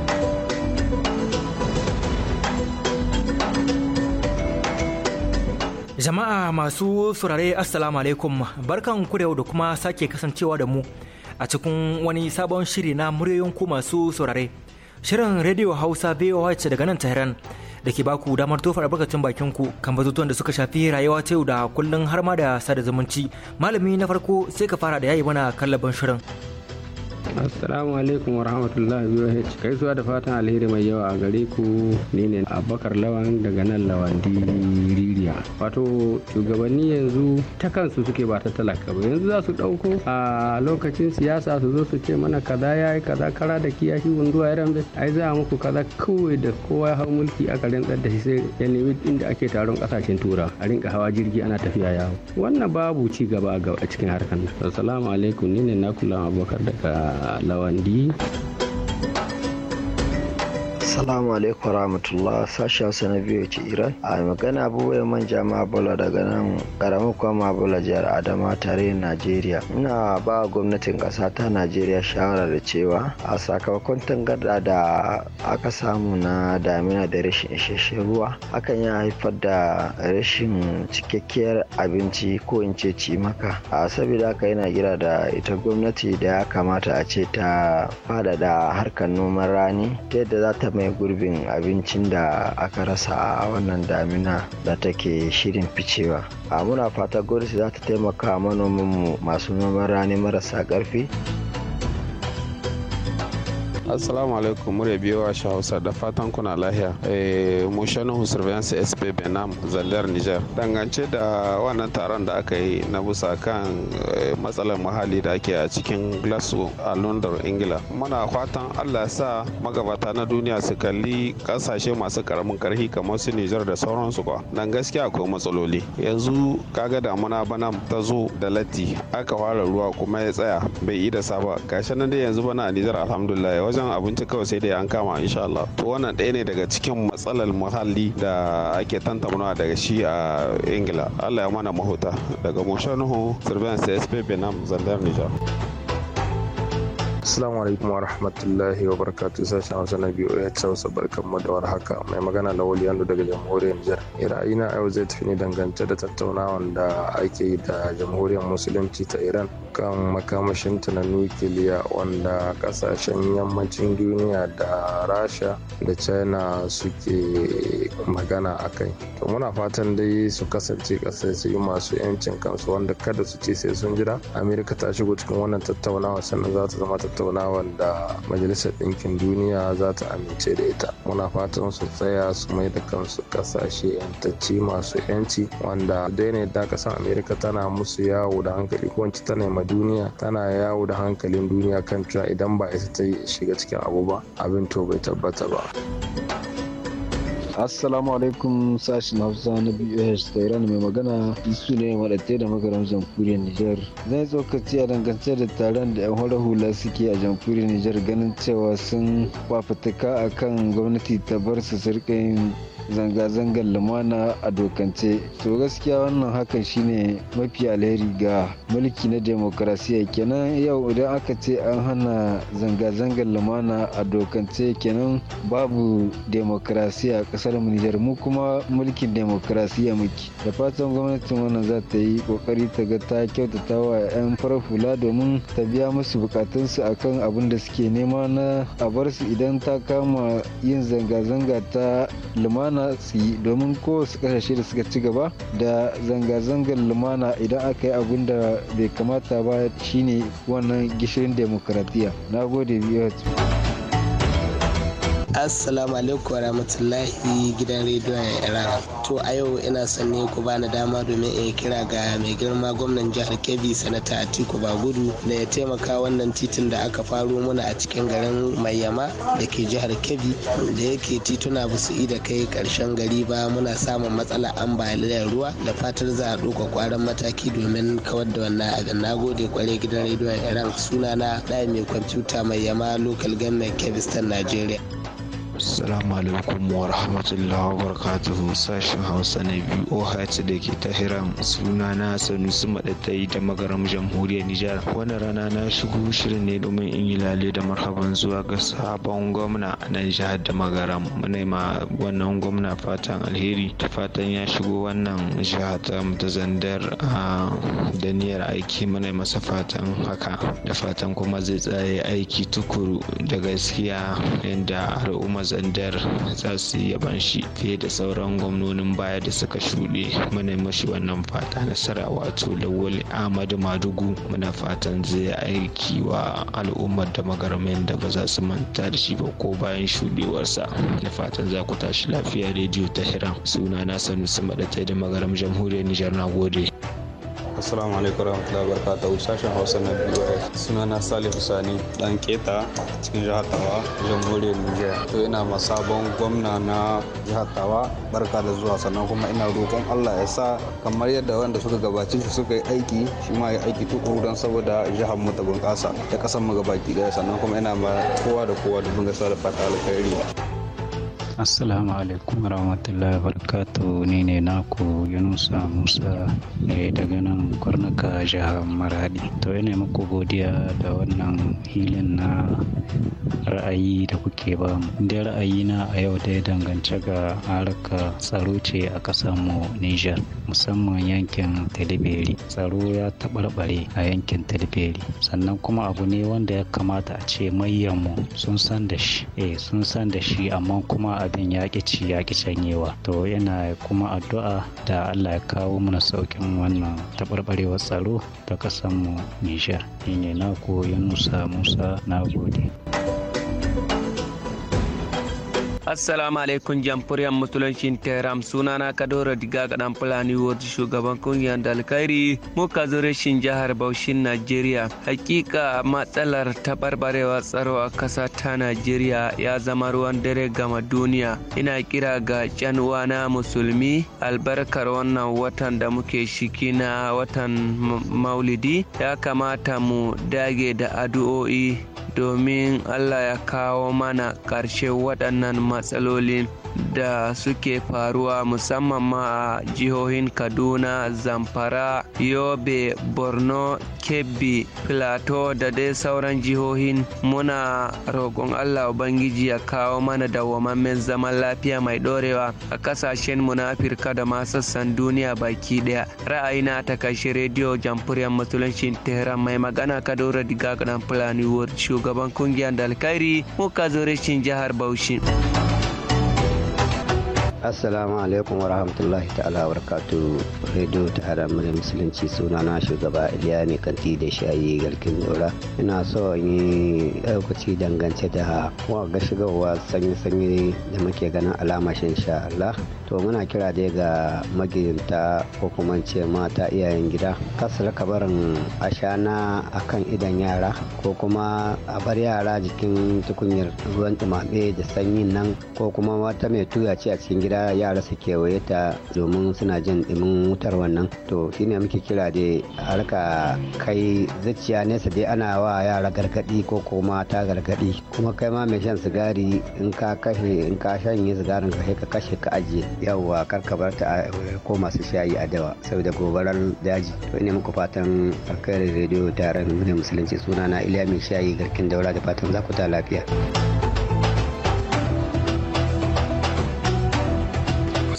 Jama'a masu saurare Assalamu alaikum barkan ku da da kuma sake kasancewa da mu a cikin wani sabon shiri na muryoyin ku masu saurare. Shirin Radio Hausa VOH daga nan Tehran da ke baku damar tofar albarkacin bakin ku kan batutuwan da suka shafi rayuwa ta yau da kullun har ma da sada zumunci. Malami na farko sai ka fara da yayi mana kallabin shirin. assalamu alaikum wa rahmatullahi kai gaisuwa da fatan alheri mai yawa a gare ku ni ne abubakar lawan daga nan lawandi diriya. wato shugabanni yanzu ta kansu suke ba ta talaka ba yanzu za su ɗauko a lokacin siyasa su zo su ce mana kaza ya yi kaza kara da kiyashi wunduwa ya bai ai za muku kaza kawai da kowa ya hau mulki aka rantsar da shi sai ya nemi inda ake taron kasashen tura a rinka hawa jirgi ana tafiya yawo wannan babu ci gaba a cikin harkar nan assalamu alaikum ni ne na kula abubakar daga lawan D Assalamu alaikum rahmatullah sashi Hausa na biyu ce Iran. A magana abubuwa manja Bola daga nan karamin kwama Mabola jihar Adama tare Najeriya. Ina ba gwamnatin ƙasa ta Najeriya shawara da cewa a sakamakon tangarda da aka samu na damina da rashin isasshen ruwa hakan ya haifar da rashin cikakkiyar abinci ko in ce cimaka. A saboda haka yana gira da ita gwamnati da ya kamata a ce ta faɗaɗa harkar noman rani ta yadda za ta mai mai gurbin abincin da aka rasa a wannan damina da take shirin ficewa a muna fata gwamnati za ta taimaka manomanmu masu noman rani marasa karfi assalamu alaikum mure biyo a hausa da fatan kuna lahiya eh, mu surveillance sp benam zallar niger dangance da wannan taron da aka yi na busa kan eh, matsalar muhalli da ake a cikin glasgow a london ingila muna fatan allah sa magabata na duniya su kalli kasashe masu karamin karfi kamar su niger da sauransu ba dan gaskiya akwai matsaloli yanzu kaga damuna bana ta zo da latti aka fara ruwa kuma ya tsaya bai yi da saba gashi nan dai yanzu bana a niger alhamdulillah wajen abinci kawai sai dai an kama insha Allah to wannan ɗaya ne daga cikin matsalar muhalli da ake tantamnawa daga shi a ingila Allah ya mana mahuta daga Moshanuhu Surveillance SP Benam Zandar Nijar. Assalamu alaikum wa rahmatullahi wa barakatuh sashen Hausa na biyu ya eh, wasu barkan mu da haka mai magana da Yando daga jamhuriyar Nijar. Eh, ra'ayina yau zai tafi ne dangance da tattaunawan da ake yi da jamhuriyar musulunci ta Iran kan makamashin ta na nukiliya wanda kasashen yammacin duniya da Rasha da China suke magana a kai. To muna fatan dai su kasance kasashe masu yancin kansu wanda kada su ce sai sun jira. Amerika ta shigo cikin wannan tattaunawa sannan za ta zama ta tattaunawar da majalisar ɗinkin duniya za ta amince da ita muna fatan su tsaya su mai da kansu ƙasashe yantacci masu yanci wanda daina da kasan amerika tana musu yawo da hankali ko ta nema duniya tana yawo da hankalin duniya kan cewa idan ba ita ta shiga cikin abu ba abin to bai tabbata ba. assalamu alaikum sashen hausa na ta Iran mai magana isu ne madatte da magaram jamhuriyar nijar zan tsokaci a dangance da taron da yan hula hula suke a jamhuriyar nijar ganin cewa sun fafutuka a kan gwamnati ta bar su sirkin zanga-zangar lumana a dokance to gaskiya wannan hakan shine mafi alheri ga mulki na demokarasiya kenan yau idan aka ce an hana zanga-zangar lumana a dokance kenan babu demokarasiya a kasar mu Nijar mu kuma mulkin demokrasiya muke da fatan gwamnatin wannan za ta yi kokari ta ga ta kyautata wa 'yan farar hula domin ta biya musu bukatunsu akan abin da suke nema na a bar su idan ta kama yin zanga-zanga ta lumana su yi domin su kasashe da suka ci gaba da zanga-zangar lumana idan aka yi abin da bai kamata ba shine wannan gishirin demokratiya na gode biyu assalamu alaikum wa rahmatullahi gidan rediyon iran to a yau ina son ne ku bani dama domin in kira ga mai girma gwamnan jihar kebbi sanata atiku bagudu da ya taimaka wannan titin da aka faro mana a cikin garin maiyama da ke jihar kebbi da yake tituna ba su da kai karshen gari ba muna samun matsala ambaliyar ruwa da fatar za a ɗauka kwaran mataki domin kawar da wannan abin na gode kware gidan rediyon iran sunana ɗaya mai kwamfuta mayyama lokal government kebbi najeriya Assalamu alaikum wa rahmatullahi wa barakatuhu sashen Hausa na BOH da ke Tahiran suna na Sanusi Madatai da magaram jamhuriyar Nijar. Wannan rana na shigo shirin ne domin in yi lale da marhaban zuwa ga sabon gwamna na jihar da magaram. Muna ma wannan gwamna fatan alheri ta fatan ya shigo wannan jiha ta zandar a da niyyar aiki muna masa fatan haka da fatan kuma zai tsaye aiki tukuru da gaskiya yadda al'umma sandar za su yi yaban shi fiye da sauran gwamnonin baya da suka shuɗe muna mashi wannan fata nasara wato Lawal Ahmadu Madugu muna fatan zai aiki wa al'ummar da magarmin da ba za su manta da shi ba ko bayan shuɗewarsa da fatan za ku tashi lafiya rediyo ta hiran suna na sanusi maɗatai da magaram jamhuriyar Nijar na gode. assalamu alaikum warahmatullahi wabarakatuh sashen hausa na bos sunana salihu sani dan keta cikin jihar tawa jamhuriyar niger to ina ma sabon gwamna na jihar tawa barka da zuwa sannan kuma ina roƙon allah ya sa kamar yadda wanda suka gabace shi suka yi aiki shi ma ya aiki tukuru don saboda jihar mu ta bunƙasa ta ƙasar mu gabaki ɗaya sannan kuma ina ma kowa da kowa da bunƙasa da fata alkhairi assalamu alaikum warahmatullahi wabarakatuh ni ne naku yunusa musa ne daga nan kwarnaka jihar maradi to ina muku godiya da wannan hilin na ra'ayi da kuke ba mu inda ra'ayi na a yau da ya danganci ga harka tsaro ce a ƙasar mu niger musamman yankin talibiri tsaro ya taɓarɓare a yankin talibiri sannan kuma abu ne wanda ya kamata a ce mayyanmu sun san da shi eh sun san da shi amma kuma a abin ya ci ya canyewa to yana kuma addu'a da Allah ya kawo mana saukin wannan taɓarɓarewar tsaro ta ƙasarmu Nijar. Shi ne naku Yunusa Musa na gode. Assalamu alaikum jamhuriyar musulunci Tehran sunana Kadoro Diga Gadan Fulani Ward shugaban kungiyar Dalkairi muka zo rashin jihar Baushin Najeriya. Hakika matsalar tabarbarewa tsaro a kasa ta Najeriya ya zama ruwan dare gama duniya. Ina kira ga can na musulmi albarkar wannan watan da muke shiki na watan maulidi ya kamata mu dage da addu'o'i domin Allah ya kawo mana ƙarshe waɗannan matsalolin da suke faruwa musamman ma a jihohin kaduna zamfara yobe borno kebbi plateau da dai sauran jihohin muna roƙon allah ubangiji ya kawo mana dawwamammen zaman lafiya mai ɗorewa a ƙasashen mu na afirka da ma sassan duniya baki ɗaya ra'ayina ta kashi rediyo jamhuriyar musulunci tehran mai magana kadoro diga dan fulani shugaban kungiyar da alkhairi muka zo jihar bauchi. assalamu alaikum wa rahmatullahi ta'ala wa barakatu radio ta haramun musulunci suna na shugaba iliya kanti da shayi garkin dora ina so yi aikaci dangance da ga shigarwa sanyi-sanyi da muke ganin alama shi insha Allah to muna kira dai ga magidanta ko kuma ce mata iyayen gida kasar kabarin ashana kan idan yara ko kuma a bar yara jikin tukunyar ruwan tumame da sanyin nan ko kuma wata mai tuya a cikin gida gida yara su kewayeta domin suna jin ɗimin wutar wannan to shine muke kira da harka kai zuciya nesa dai ana wa yara gargadi ko kuma ta gargadi kuma kai ma mai shan sigari in ka kashe in ka shanye sigarin ka ka kashe ka ajiye yawwa kar ka bar ta ko masu shayi a dawa saboda gobarar daji to ina muku fatan da rediyo taron musulunci na iliya mai shayi garkin daura da fatan za ku ta lafiya.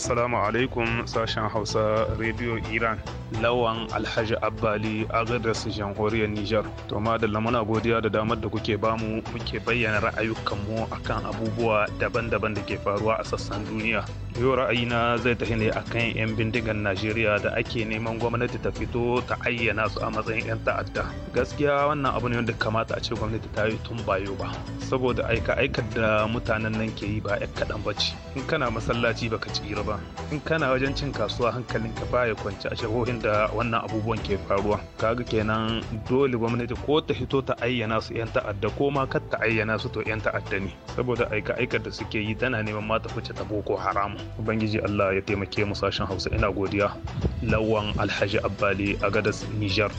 assalamu alaikum sashen hausa radio iran lawan alhaji abbali a gadar jamhuriyar nijar to da muna godiya da damar da kuke bamu muke bayyana ra'ayukanmu akan abubuwa daban-daban da ke faruwa a sassan duniya yau ra'ayina zai tafi ne akan 'yan bindigan najeriya da ake neman gwamnati ta fito ta ayyana su a matsayin 'yan ta'adda gaskiya wannan abu ne wanda kamata a ce gwamnati ta yi tun bayo ba saboda aika aika da mutanen nan ke yi ba ya kaɗan ba ce in kana masallaci baka tsira ba in kana wajen cin kasuwa hankalinka baya kwance a jihohin da wannan abubuwan ke faruwa kaga kenan dole gwamnati ko ta hito ta ayyana su yan ta'adda ko ma kar ta ayyana su to yan ta'adda ne saboda aika aikar da suke yi tana neman ma ta fice ta boko haram ubangiji Allah ya taimake mu sashen Hausa ina godiya lawan Alhaji Abbali a gadas Niger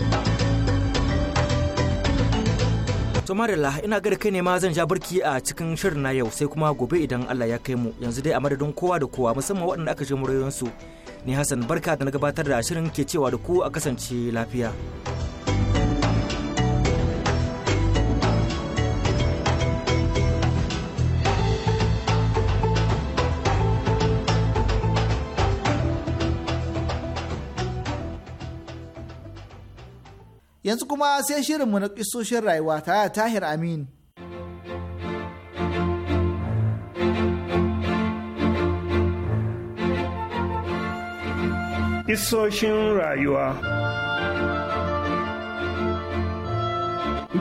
To ina ga kai ne ma zan ja barki a cikin shirin na yau sai kuma gobe idan Allah ya kai mu yanzu dai a madadin kowa da kowa musamman waɗanda aka je murayoyinsu ni hassan barka da na gabatar da shirin ke cewa da ku a kasance lafiya yanzu kuma sai shirinmu na kisoshin rayuwa ta da tahir amin Isoshin rayuwa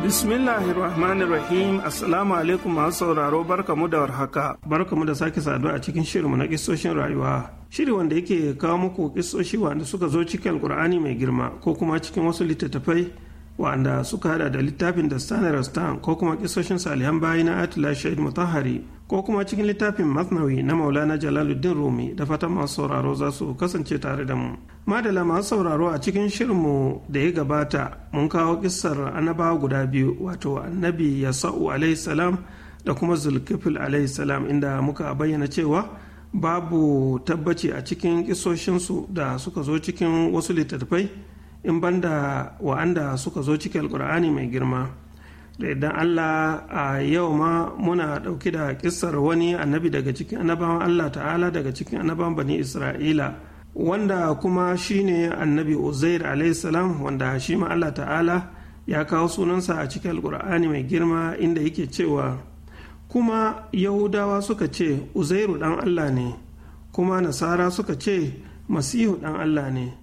Bismillahirrahmanirrahim Assalamu alaikum masu sauraro barkamu da warhaka barkamu da sake saduwa a cikin shirinmu na kisoshin rayuwa shiri wanda yake kawo muku kisoshi wanda suka zo cikin alkur'ani mai girma ko kuma cikin wasu littattafai wanda suka hada da littafin da stan ko kuma kisoshin salihan bayi na atila shaid mutahari ko kuma cikin littafin masnawi na maulana jalaluddin rumi da fatan masu sauraro za su kasance tare da mu madala masu sauraro a cikin shirinmu da ya gabata mun kawo kissar annabawa guda biyu wato annabi yasa'u alaihi salam da kuma zulkifil alaihi salam inda muka bayyana cewa babu tabbaci a cikin kisoshinsu da suka zo cikin wasu littattafai in banda wa'anda suka zo cikin alkur'ani mai girma da idan allah a yau ma muna ɗauki da kissar wani annabi daga cikin annabawan allah ta'ala daga cikin annabawan bani isra'ila wanda kuma shine annabi uzair salam wanda shi ma allah ta'ala ya kawo sunansa a cikin alkur'ani mai girma inda yake cewa kuma yahudawa suka ce uzairu dan allah ne kuma nasara suka ce masihu dan allah ne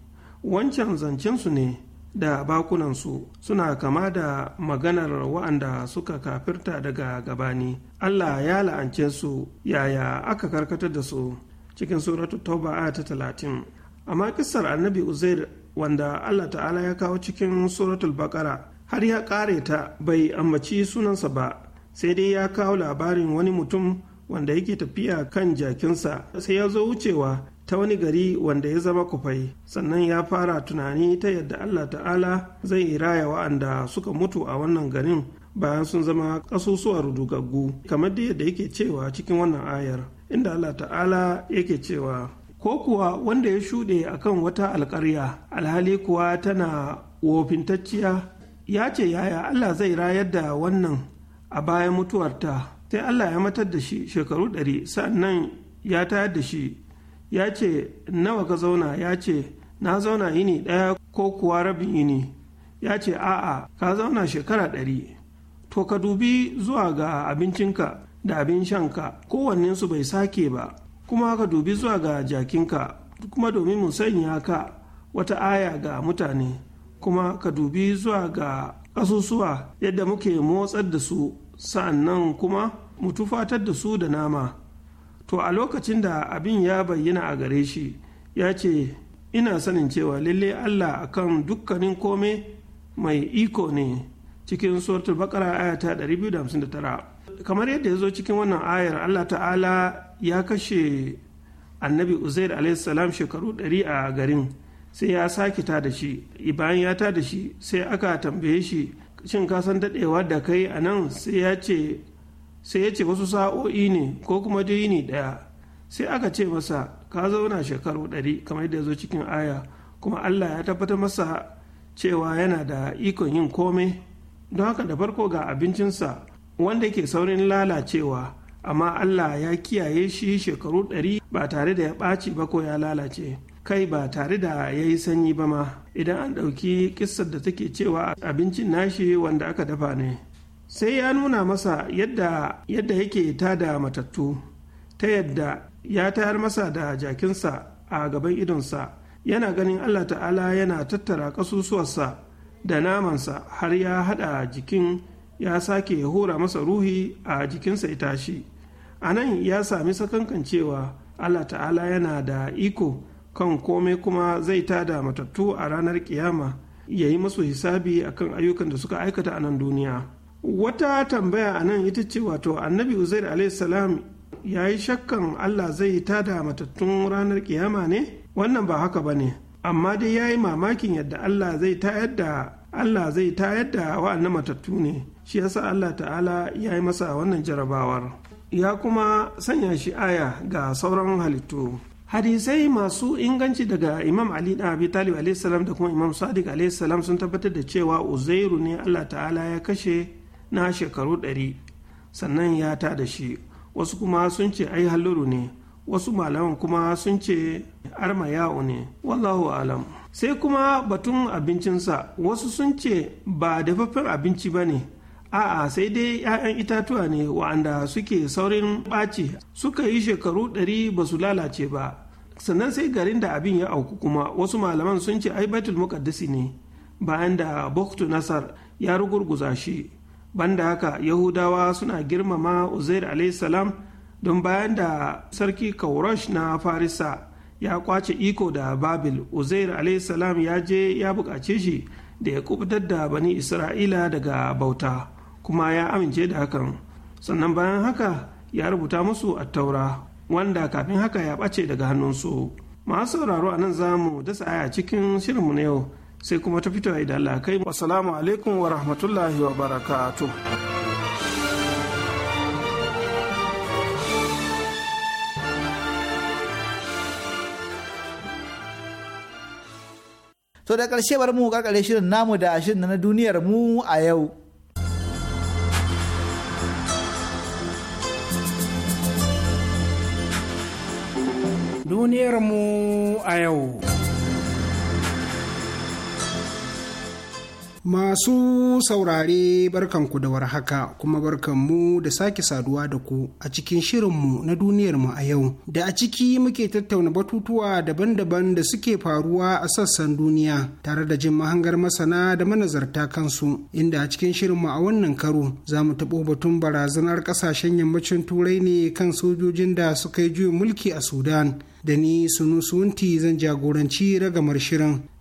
wancan zancensu ne da bakunansu suna kama da maganar wa'anda suka kafirta daga gabani allah ya la'ance su yaya aka karkatar da su cikin suratu tauba ta talatin amma kisar annabi uzair wanda allah ta'ala ya kawo cikin suratul bakara har ya kare ta bai ambaci sunansa ba sai dai ya kawo labarin wani mutum wanda yake tafiya kan jakinsa sai ya zo wucewa ta wani gari wanda ya zama kufai sannan ya fara tunani ta yadda allah ta'ala zai raya wa'anda suka mutu a wannan garin bayan sun zama ƙasusuwa rudugaggu kamar da yadda yake cewa cikin wannan ayar inda allah ta'ala yake cewa ko kuwa wanda ya shuɗe akan wata alƙarya alhali kuwa tana wofintacciya ya ce yaya allah zai rayar da wannan a bayan mutuwarta sai allah ya matar da shi shekaru ɗari sannan ya tayar da shi ya ce nawa ka zauna ya ce na zauna yini ɗaya ko kuwa rabin yini ya ce a'a ka zauna shekara ɗari to ka dubi zuwa ga abincinka da abin shanka su bai sake ba kuma ka dubi zuwa ga jakinka kuma domin mu sanya ka wata aya ga mutane kuma ka dubi zuwa ga ƙasusuwa yadda muke motsar da su sa'an nan kuma mu tufatar da su da nama to a lokacin da abin ya bayyana a gare shi ya ce ina sanin cewa lalle allah akan dukkanin kome mai iko ne cikin suratul bakara aya ta 259 kamar yadda ya zo cikin wannan ayar allah ta'ala ya kashe annabi uzair alaihissalam shekaru 100 a garin sai ya sake ta da shi bayan ya ta da shi sai aka tambaye shi shin ka san dadewa da kai a nan sai ya ce sai ya ce wasu sa'o'i ne ko kuma ne ɗaya sai aka ce masa ka zauna shekaru ɗari kamar yadda ya zo cikin aya kuma allah ya tabbatar masa cewa yana da ikon yin komai don haka da farko ga abincinsa wanda ke saurin lalacewa amma allah ya kiyaye shi shekaru ɗari ba tare da ya ɓaci ba ko ya lalace kai ba tare da ya yi sanyi ba ma idan an ɗauki kissar da take cewa abincin nashi wanda aka dafa ne sai ya nuna masa yadda yadda yake tada matattu ta yadda ya tayar masa da jakinsa a gaban idonsa yana ganin allah ta'ala yana tattara ƙasusuwarsa da namansa har ya haɗa jikin ya sake hura masa ruhi a jikinsa ya tashi a nan ya sami sakankancewa allah ta'ala yana da iko kan komai kuma zai tada matattu a ranar kiyama ya yi masu hisabi akan ayyukan da suka aikata a nan duniya wata tambaya a nan ita ce wato annabi uzair alaihissalam ya yi shakkan allah zai tada matattun ranar kiyama ne wannan ba haka ba ne amma dai ya yi mamakin yadda allah zai tayar da allah zai tayar da wa'annan matattu ne shi yasa allah ta'ala ya yi masa wannan jarabawar ya kuma sanya shi aya ga sauran halittu hadisai masu inganci daga imam ali da abi talib a.s. da kuma imam sadiq a.s. sun tabbatar da cewa uzairu ne allah ta'ala ya kashe na shekaru ɗari sannan ya ta da shi wasu kuma sun ce ai halluru ne wasu malaman kuma sun ce yawo ne wallahu alam sai kuma batun abincinsa wasu sun ce ba dafaffen abinci ba ne a'a sai dai 'ya'yan itatuwa ne wa'anda suke saurin ɓaci suka yi shekaru ɗari ba su lalace ba sannan sai garin da abin ya auku kuma wasu malaman sun ce ai baitul muqaddasi ne bayan da buktu nasar ya rugurguza shi banda haka yahudawa suna girmama uzair salam don bayan da sarki kaurash na farisa ya kwace iko da babil uzair salam ya je ya buƙace shi da ya kubutar da bani isra'ila daga bauta kuma ya amince da hakan sannan bayan haka ya rubuta musu a taura wanda kafin haka ya ɓace daga hannunsu masu sauraro a nan za mu dasa aya cikin shirinmu na yau sai kuma ta fito idan Allah kai assalamu alaikum wa rahmatullahi wa barakatu. To da ƙarshe bari mu ƙarƙare shirin namu da shirin na duniyar mu a yau. Duniyar mu a yau. Masu saurare barkanku da warhaka kuma barkanmu da sake saduwa da ku a cikin shirinmu na duniyarmu a yau da a ciki muke tattauna batutuwa daban-daban da suke faruwa a sassan duniya tare da jin mahangar masana da manazarta kansu inda a cikin shirinmu a wannan karo za mu taɓo batun barazanar ƙasashen yammacin turai ne kan sojojin da suka yi juyin mulki a Sudan da ni Sunusunti zan jagoranci ragamar shirin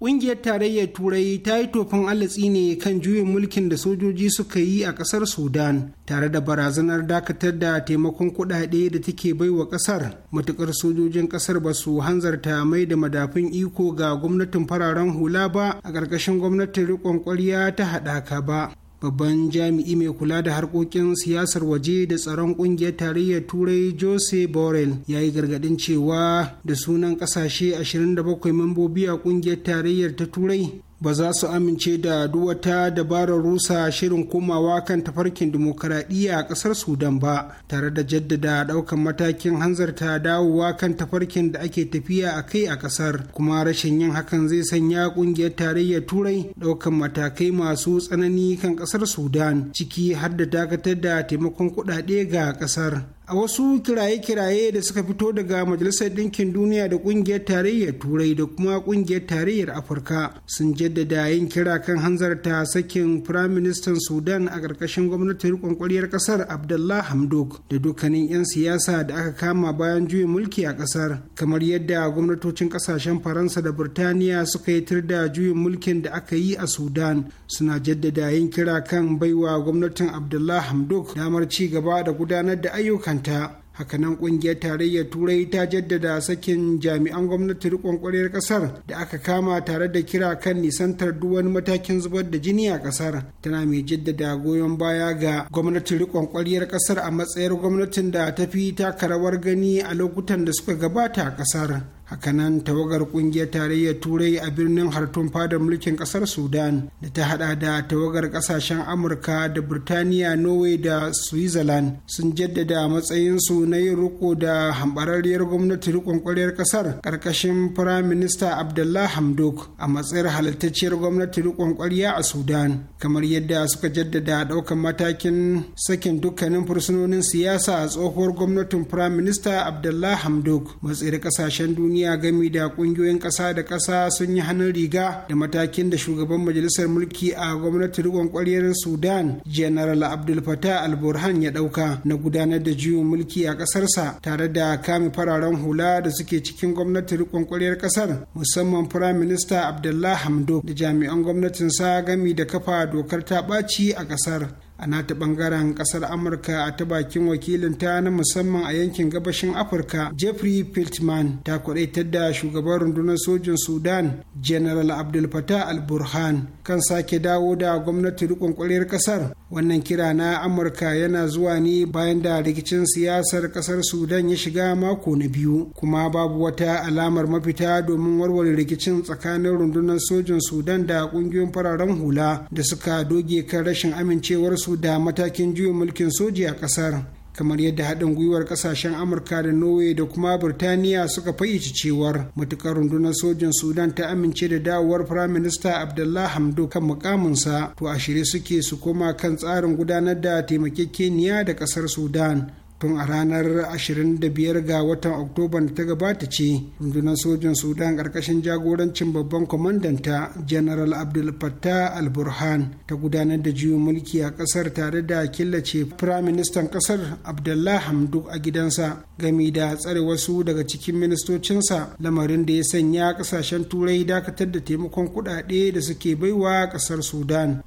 ƙungiyar tarayyar turai ta yi tofin alatsi ne kan juyin mulkin da sojoji suka yi a ƙasar sudan tare da barazanar dakatar da taimakon kuɗaɗe da take wa ƙasar matuƙar sojojin ƙasar ba su hanzarta mai da madafin iko ga gwamnatin fararen hula ba a ƙarƙashin gwamnatin riƙon ƙwarya ta haɗaka ba babban jami'i mai kula da harkokin siyasar waje da tsaron kungiyar tarayyar turai jose borrell ya yi gargadin cewa da sunan kasashe 27 membobi a kungiyar tarayyar ta turai ba za su amince da duwata dabarar rusa shirin komawa kan tafarkin dimokuraɗiyya a ƙasar sudan ba tare da jaddada ɗaukan matakin hanzarta dawowa kan tafarkin da ake tafiya a kai a ƙasar kuma rashin yin hakan zai sanya ƙungiyar tarayyar turai ɗaukan matakai masu tsanani kan ƙasar sudan ciki har da dakatar da taimakon kuɗaɗe ga ƙasar a wasu kiraye-kiraye da suka fito daga majalisar ɗinkin duniya da ƙungiyar tarayyar turai da kuma ƙungiyar tarayyar afirka sun jaddada yin kira kan hanzarta sakin firaministan sudan a ƙarƙashin gwamnatin Kwankwariyar ƙasar abdullah hamdok da dukkanin 'yan siyasa da aka kama bayan juyin mulki a ƙasar kamar yadda gwamnatocin ƙasashen faransa da Birtaniya suka yi tirda juyin mulkin da aka yi a sudan suna jaddada yin kira kan baiwa gwamnatin abdullah hamdok damar ci gaba da gudanar da ayyukan makaranta hakanan kungiyar tarayyar turai ta jaddada sakin jami'an gwamnati rikon kwarar kasar da aka kama tare da kira kan nisantar duk matakin zubar da jini a kasar tana mai jaddada goyon baya ga gwamnati rikon kwarar kasar a matsayar gwamnatin da ta fi taka gani a lokutan da suka gabata a kasar hakanan tawagar kungiyar tarayyar turai a birnin hartun fadar mulkin kasar sudan da ta hada da tawagar kasashen amurka da birtaniya norway da switzerland sun jaddada matsayinsu na yin riko da hambararriyar gwamnati rikon kwaryar kasar karkashin firayim minista abdullah hamdok a matsayar halittacciyar gwamnati rikon kwarya a sudan kamar yadda suka jaddada daukan matakin sakin dukkanin fursunonin siyasa a tsohuwar gwamnatin firayim minista abdullah hamdok matsayar kasashen duniya duniya gami da kungiyoyin ƙasa da ƙasa sun yi hannun riga da matakin da shugaban majalisar mulki a gwamnatin rikon ƙwaryar sudan general abdul fatah al burhan ya ɗauka na gudanar da juyin mulki a ƙasarsa tare da kame fararen hula da suke cikin gwamnatin rikon ƙwaryar ƙasar musamman firayim minista abdullah hamdo da jami'an gwamnatinsa gami da kafa dokar ta ɓaci a ƙasar a nata bangaren kasar amurka a ta bakin wakilinta na musamman a yankin gabashin afirka jeffrey piltman ta kwadaitar da shugaban rundunar sojin sudan general abdul fatah al-burhan kan sake dawo da gwamnati rikon kwarar kasar wannan kira na amurka yana zuwa ne bayan da rikicin siyasar kasar sudan ya shiga mako na biyu kuma babu wata alamar mafita domin warware rikicin tsakanin rundunar sojin sudan da kungiyoyin fararen hula da suka doge kan rashin amincewarsu su da matakin juyin mulkin soji a kasar kamar yadda haɗin gwiwar ƙasashen amurka da norway da kuma birtaniya suka fayyace cewar matuƙar rundunar sojin sudan ta amince da dawowar firayim minista abdullah hamdo kan mukaminsa to a shirye suke su koma kan tsarin gudanar da taimakekeniya da ƙasar sudan tun a ranar 25 ga watan oktoban da ta gabata ce rundunar sojan sudan ƙarƙashin jagorancin babban kwamandanta general abdul fattah al-burhan ta gudanar da juyin mulki a ƙasar tare da killace firaministan ƙasar abdullah Hamdu a gidansa gami da tsare wasu daga cikin ministocinsa lamarin da ya sanya ƙasashen turai dakatar da taimakon kuɗaɗe da suke baiwa ƙasar sudan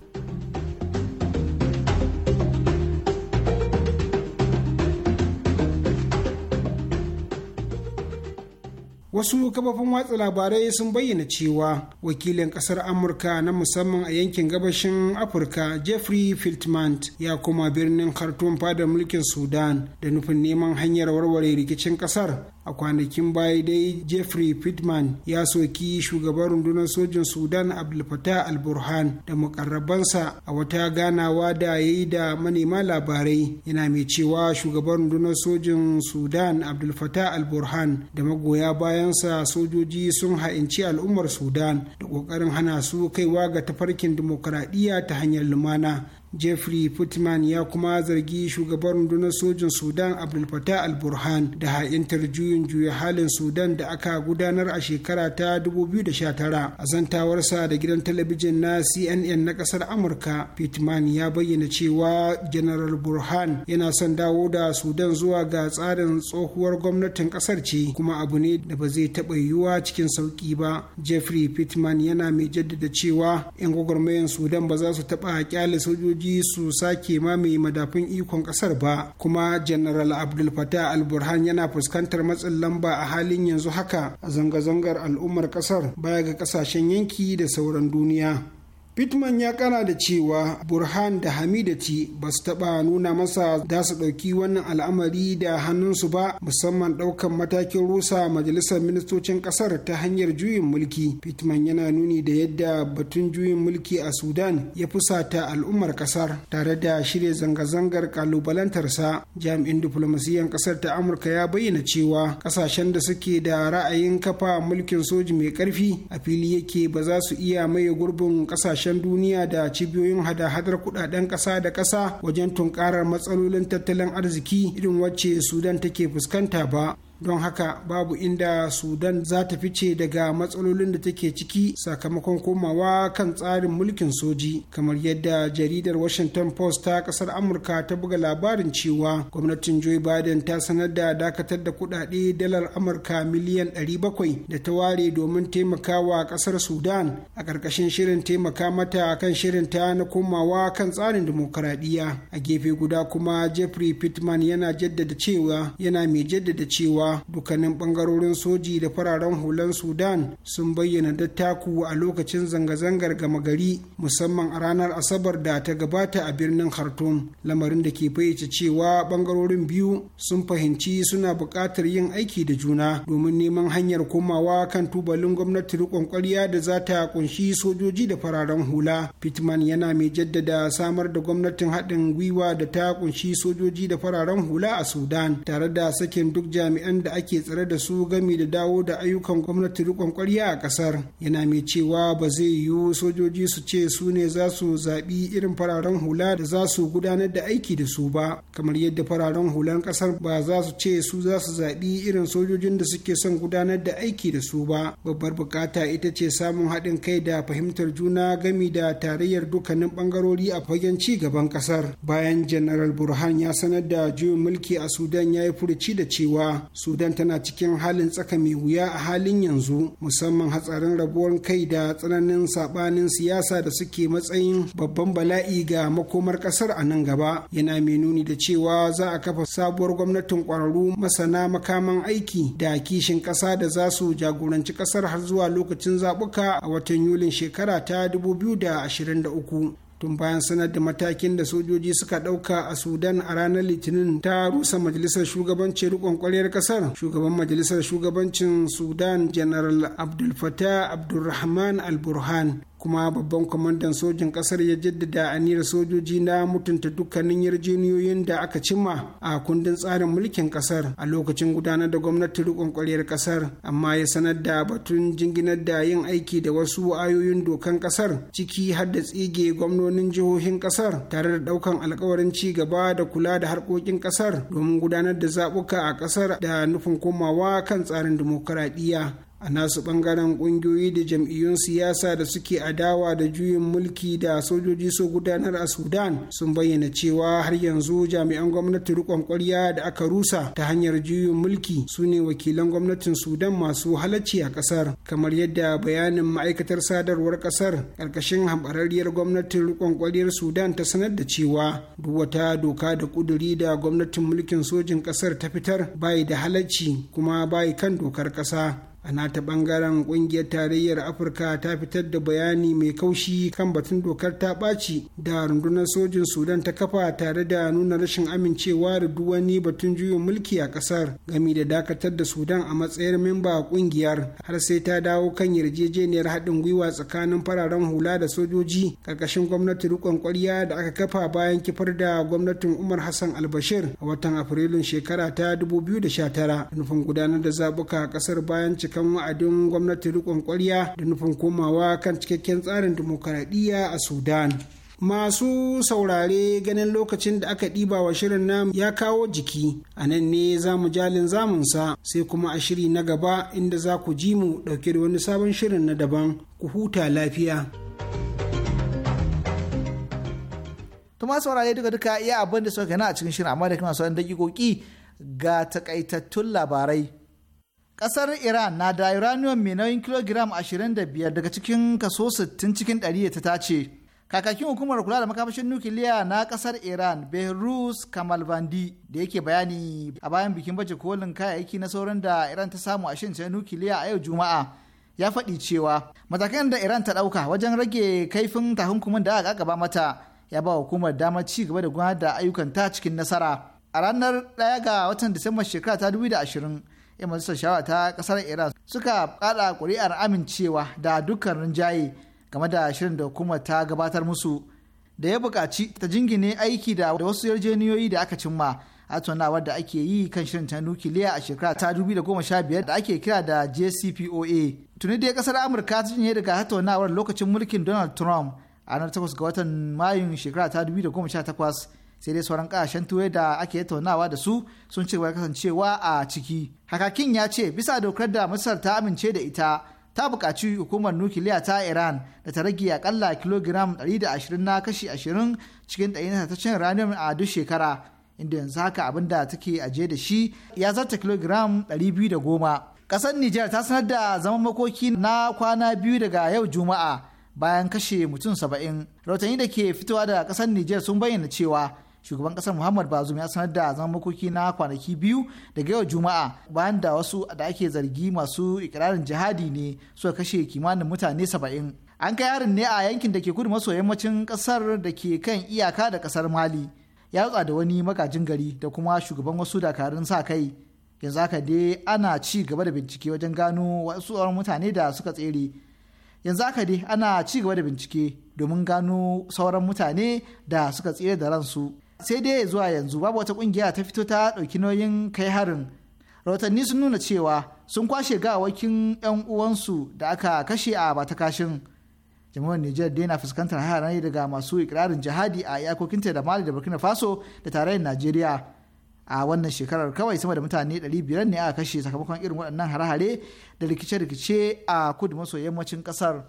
wasu kafafen watsa labarai sun bayyana cewa wakilin kasar amurka na musamman a yankin gabashin afirka jeffrey filtman ya koma birnin khartoum fadar mulkin sudan da nufin neman hanyar warware rikicin kasar a kwanakin baya dai jeffrey pittman ya soki shugaban rundunar sojin sudan abdulfatah al-burhan da mukarrabansa a wata ganawa da ya yi da manema labarai yana mai cewa shugaban rundunar sojin sudan abdulfatah al-burhan da magoya bayansa sojoji sun ha'inci al'ummar sudan da kokarin hana su kaiwa ga tafarkin dimokuraɗiyya ta hanyar lumana jeffrey putman ya kuma zargi shugaban rundunar sojin sudan abdul fatah al-burhan da ha'intar juyin juya halin sudan da aka gudanar a shekara ta 2019 a zantawarsa da gidan talabijin na cnn na kasar amurka pittman ya bayyana cewa general burhan yana son dawo da sudan zuwa ga tsarin tsohuwar gwamnatin kasar ce kuma abu ne da ba zai taɓa yiwuwa cikin sauƙi ba jeffrey pittman yana mai jaddada cewa 'yan gwagwarmayan sudan ba za su taɓa kyale sojoji jirgi su sake ma mai madafin ikon kasar ba kuma general abdul fatah al yana fuskantar matsin lamba a halin yanzu haka a zanga-zangar al'ummar kasar baya ga kasashen yanki da sauran duniya Pittman ya kana da cewa Burhan da Hamidati ba su taɓa nuna masa za su ɗauki wannan al'amari da hannunsu ba musamman ɗaukan matakin rusa majalisar ministocin ƙasar ta hanyar juyin mulki. Pittman yana nuni da yadda batun juyin mulki a Sudan ya fusata al'ummar ƙasar tare da shirya zanga-zangar kalubalantarsa. Jami'in diflomasiyan ƙasar ta Amurka ya bayyana cewa ƙasashen da suke da ra'ayin kafa mulkin soji mai ƙarfi a fili yake ba za su iya maye gurbin ƙasashen kasashen duniya da cibiyoyin hada-hadar kudaden kasa da kasa wajen tunkarar matsalolin tattalin arziki irin wacce sudan take fuskanta ba don haka babu inda sudan za ta fice daga matsalolin da take ciki sakamakon komawa kan tsarin mulkin soji kamar yadda jaridar washington post ta kasar amurka ta buga labarin cewa gwamnatin joe biden ta sanar da dakatar da kudade dalar amurka miliyan 700 da ta ware domin taimakawa kasar sudan a ƙarƙashin shirin taimaka mata kan shirin ta na komawa kan tsarin dimokuraɗiyya a gefe guda kuma jeffrey pittman yana jaddada cewa yana mai jaddada cewa dukkanin bangarorin soji da fararen hulan sudan sun bayyana dattaku a lokacin zanga-zangar gama gari musamman a ranar asabar da ta gabata a birnin khartoum lamarin da ke fayyace cewa bangarorin biyu sun fahimci suna buƙatar yin aiki da juna domin neman hanyar komawa kan tubalin gwamnati riƙon ƙwarya da za ta kunshi sojoji da fararen hula pittman yana mai jaddada samar da gwamnatin haɗin gwiwa da ta kunshi sojoji da fararen hula a sudan tare da sakin duk jami'an da ake tsare da su gami da dawo da ayyukan gwamnati rikon kwarya a kasar. yana mai cewa ba zai yiwu sojoji su ce su ne za su zaɓi irin fararen hula da za su gudanar da aiki da su ba kamar yadda fararen hulan ƙasar ba za su ce su za su zaɓi irin sojojin da suke son gudanar da aiki da su ba babbar bukata ita ce samun haɗin kai da fahimtar juna gami da tarayyar dukkanin ɓangarori a fagen ci gaban ƙasar bayan janaral burhan ya sanar da juyin mulki a sudan ya yi furuci da cewa sudan tana cikin halin tsaka mai wuya a halin yanzu musamman hatsarin rabuwar kai da tsananin sabanin siyasa da suke matsayin babban bala'i ga makomar kasar a nan gaba yana mai nuni da cewa za a kafa sabuwar gwamnatin kwararru masana makaman aiki da kishin kasa da za su jagoranci kasar har zuwa lokacin zabuka a watan yulin shekara ta 2023 tun bayan sanar da matakin da sojoji suka ɗauka a sudan a ranar litinin ta rusa majalisar shugabancin rikon kwaryar kasar shugaban majalisar shugabancin sudan general abdul abdulrahman al-burhan kuma babban kwamandan sojin kasar ya jaddada aniyar sojoji na mutunta dukkanin yarjejeniyoyin da aka cimma a kundin tsarin mulkin kasar a lokacin gudanar da gwamnati rikon kwaryar kasar amma ya sanar da batun jinginar da yin aiki da wasu ayoyin dokan kasar ciki har da tsige gwamnonin jihohin kasar tare da daukan alkawarin ci gaba da kula da harkokin kasar domin gudanar da zabuka a kasar da nufin komawa kan tsarin dimokuraɗiyya a nasu bangaren kungiyoyi da jam'iyyun siyasa da suke adawa da juyin mulki da sojoji su gudanar a sudan sun bayyana cewa har yanzu jami'an gwamnati rikon kwarya da aka rusa ta hanyar juyin mulki su ne wakilan gwamnatin sudan masu halacci a kasar kamar yadda bayanin ma'aikatar sadarwar kasar ƙarƙashin haɓararriyar gwamnatin rikon kwaryar sudan ta sanar da cewa duk wata doka da kuduri da gwamnatin mulkin sojin kasar ta fitar bayi da halacci kuma bayi kan dokar kasa a nata bangaren kungiyar tarayyar afirka ta fitar da bayani mai kaushi kan batun dokar ta ɓaci da rundunar sojin sudan ta kafa tare da nuna rashin amincewa da duwani batun juyin mulki a ƙasar gami da dakatar da sudan a matsayin memba kungiyar har sai ta dawo kan yarjejeniyar haɗin gwiwa tsakanin fararen hula da sojoji ƙarƙashin gwamnati rikon ƙwarya da aka kafa bayan kifar da gwamnatin umar hassan albashir a watan afrilun shekara ta dubu biyu da tara nufin gudanar da zabuka a ƙasar bayan cika cikan wa'adin gwamnati rikon kwarya da nufin komawa kan cikakken tsarin dimokuraɗiyya a sudan masu saurare ganin lokacin da aka ɗiba wa shirin nam ya kawo jiki a nan ne za mu jalin zamunsa sai kuma a shiri na gaba inda za ku ji mu ɗauke da wani sabon shirin na daban ku huta lafiya tuma saurare duka duka iya abin da suka na a cikin shirin amma da kana sauran dakikoki ga takaitattun labarai Ƙasar Iran na da uranium mai nauyin kilogiram 25 daga cikin kaso 60 cikin 100 ta tace. Kakakin hukumar kula da makamashin nukiliya na kasar Iran, Behrus Kamalvandi, da yake bayani a bayan bikin baje kolin kayayyaki na sauran da Iran ta samu a shirin nukiliya a yau Juma'a. Ya faɗi cewa matakan da Iran ta ɗauka wajen rage kaifin tahunkumin da aka gaba mata ya ba hukumar damar ci gaba da gudanar da ayyukan ayyukanta cikin nasara. A ranar 1 ga watan Disambar shekara ta 2020 'yan majalisar shawara ta kasar iran suka kada kuri'ar amincewa da dukkan rinjaye game da shirin da hukumar ta gabatar musu da ya bukaci ta jingine aiki da wasu yarjeniyoyi da aka cimma a tunawar da ake yi kan shirin ta nukiliya a shekara ta 2015 da ake kira da jcpoa tuni dai kasar amurka ta jinye daga tattaunawar lokacin mulkin donald trump a ranar 8 ga watan mayun shekara ta 2018 sai dai sauran kasashen turai da ake taunawa da su sun ci kasancewa a ciki hakakin ya ce bisa dokar da masar ta amince da ita ta buƙaci hukumar nukiliya ta iran da ta rage akalla kilogiram 120 na kashi 20 cikin ɗari ta cin ranar a duk shekara inda yanzu haka abin da take ajiye da shi ya zarta kilogiram 210 ƙasar nijar ta sanar da zaman makoki na kwana biyu daga yau juma'a bayan kashe mutum 70 rautanni da ke fitowa da ƙasar nijar sun bayyana cewa shugaban kasar muhammad bazum ya sanar da zaman makoki na kwanaki biyu daga yau juma'a bayan da wasu da ake zargi masu ikirarin jihadi ne suka kashe kimanin mutane saba'in an kai yarin ne a yankin da ke kudu maso yammacin kasar da ke kan iyaka da kasar mali ya rutsa da wani magajin gari da kuma shugaban wasu dakarun sa kai yanzu haka dai ana ci gaba da bincike wajen gano wasu mutane da suka tsere yanzu haka dai ana ci gaba da bincike domin gano sauran mutane da suka tsere da ransu sai dai zuwa yanzu babu wata kungiya ta fito ta ɗauki nauyin kai harin rahotanni sun nuna cewa sun kwashe gawakin 'yan uwansu da aka kashe a batakashin jamhuriyar nijar dai na fuskantar harare daga masu ikirarin jihadi a ta da mali da burkina faso da tarayyar najeriya a wannan shekarar kawai sama da mutane 500 ne aka kashe sakamakon irin waɗannan hare-hare da rikice-rikice a kudu maso yammacin kasar.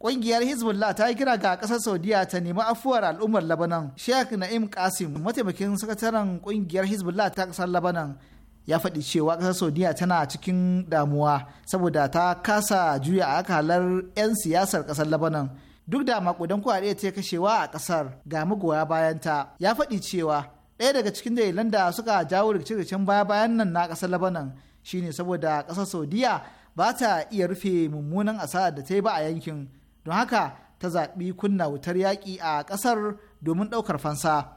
Ƙungiyar Hezbollah ta yi kira ga ƙasar Saudiya ta nemi afuwar al'ummar Labanan. Sheikh Na'im Qasim, mataimakin sakataren ƙungiyar Hezbollah ta ƙasar Labanan, ya faɗi cewa ƙasar Saudiya tana cikin damuwa saboda ta kasa juya a akalar 'yan siyasar ƙasar Labanan. Duk da makudan kuɗaɗe ta kashewa a ƙasar ga magoya bayanta, ya faɗi cewa ɗaya daga cikin dalilan da suka jawo rikice-rikicen baya-bayan nan na ƙasar Labanan shine saboda ƙasar Saudiya ba ta iya rufe mummunan asarar da ta yi ba a yankin. don haka ta zaɓi kunna wutar yaƙi a ƙasar domin ɗaukar fansa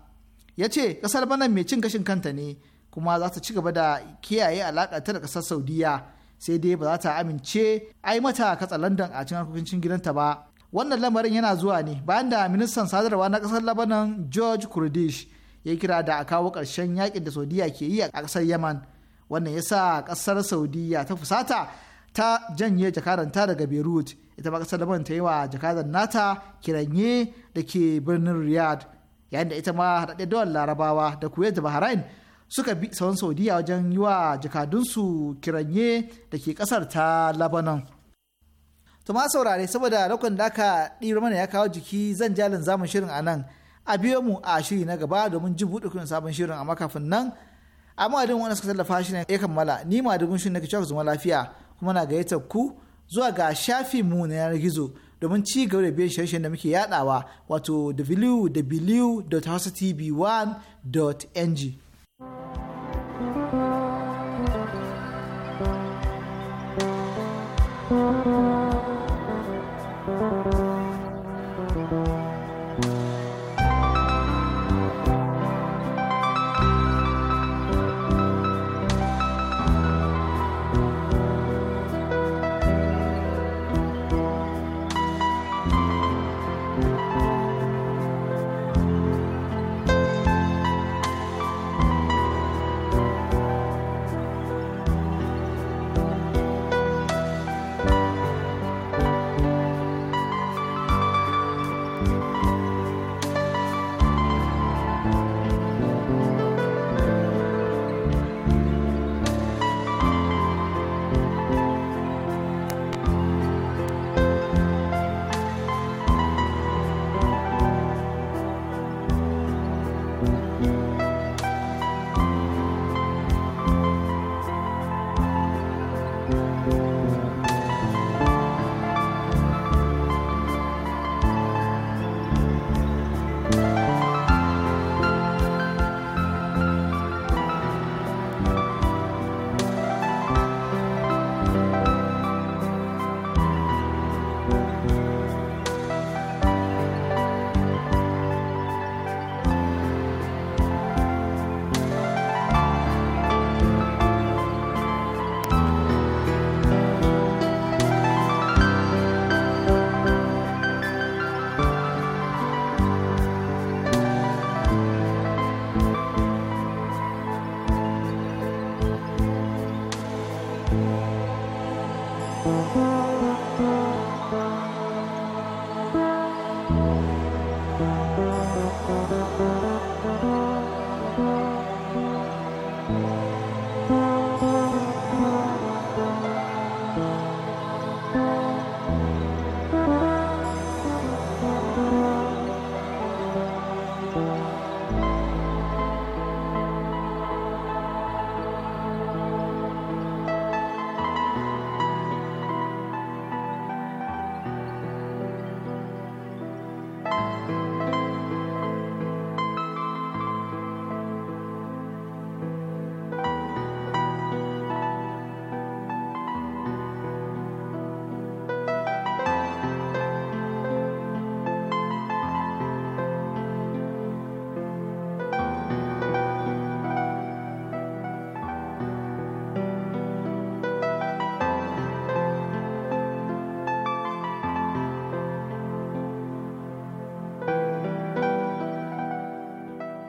ya ce ƙasar bana mai cin gashin kanta ne kuma za ta ci gaba da kiyaye alaƙa ta da ƙasar saudiya sai dai ba za ta amince ai mata katsa london a cikin harkokin gidanta ba wannan lamarin yana zuwa ne bayan da ministan sadarwa na ƙasar labanan george kurdish ya kira da a kawo ƙarshen yaƙin da saudiya ke yi a ƙasar yaman wannan ya sa ƙasar saudiya ta fusata ta janye jakaranta daga beirut ita ma kasar lamarin ta yi wa jakadar nata kiranye da ke birnin riyad yayin da ita ma haɗaɗɗen dawar larabawa da kuwait da bahrain suka bi sauran saudiya wajen yi wa jakadunsu kiranye da ke kasar ta labanan to ma saurare saboda lokacin da aka ɗiro mana ya kawo jiki zan jalin zamun shirin a nan a biyo mu a shiri na gaba domin jin buɗe kun sabon shirin amma kafin nan amma adin wani suka tallafa shi ne ya kammala ni ma dugun shirin na kicin zuma lafiya kuma na gayyatar ku zuwa ga shafin mu na yanar gizo domin ci gaba da biyan shirye da muke yadawa wato www.hausatv1.ng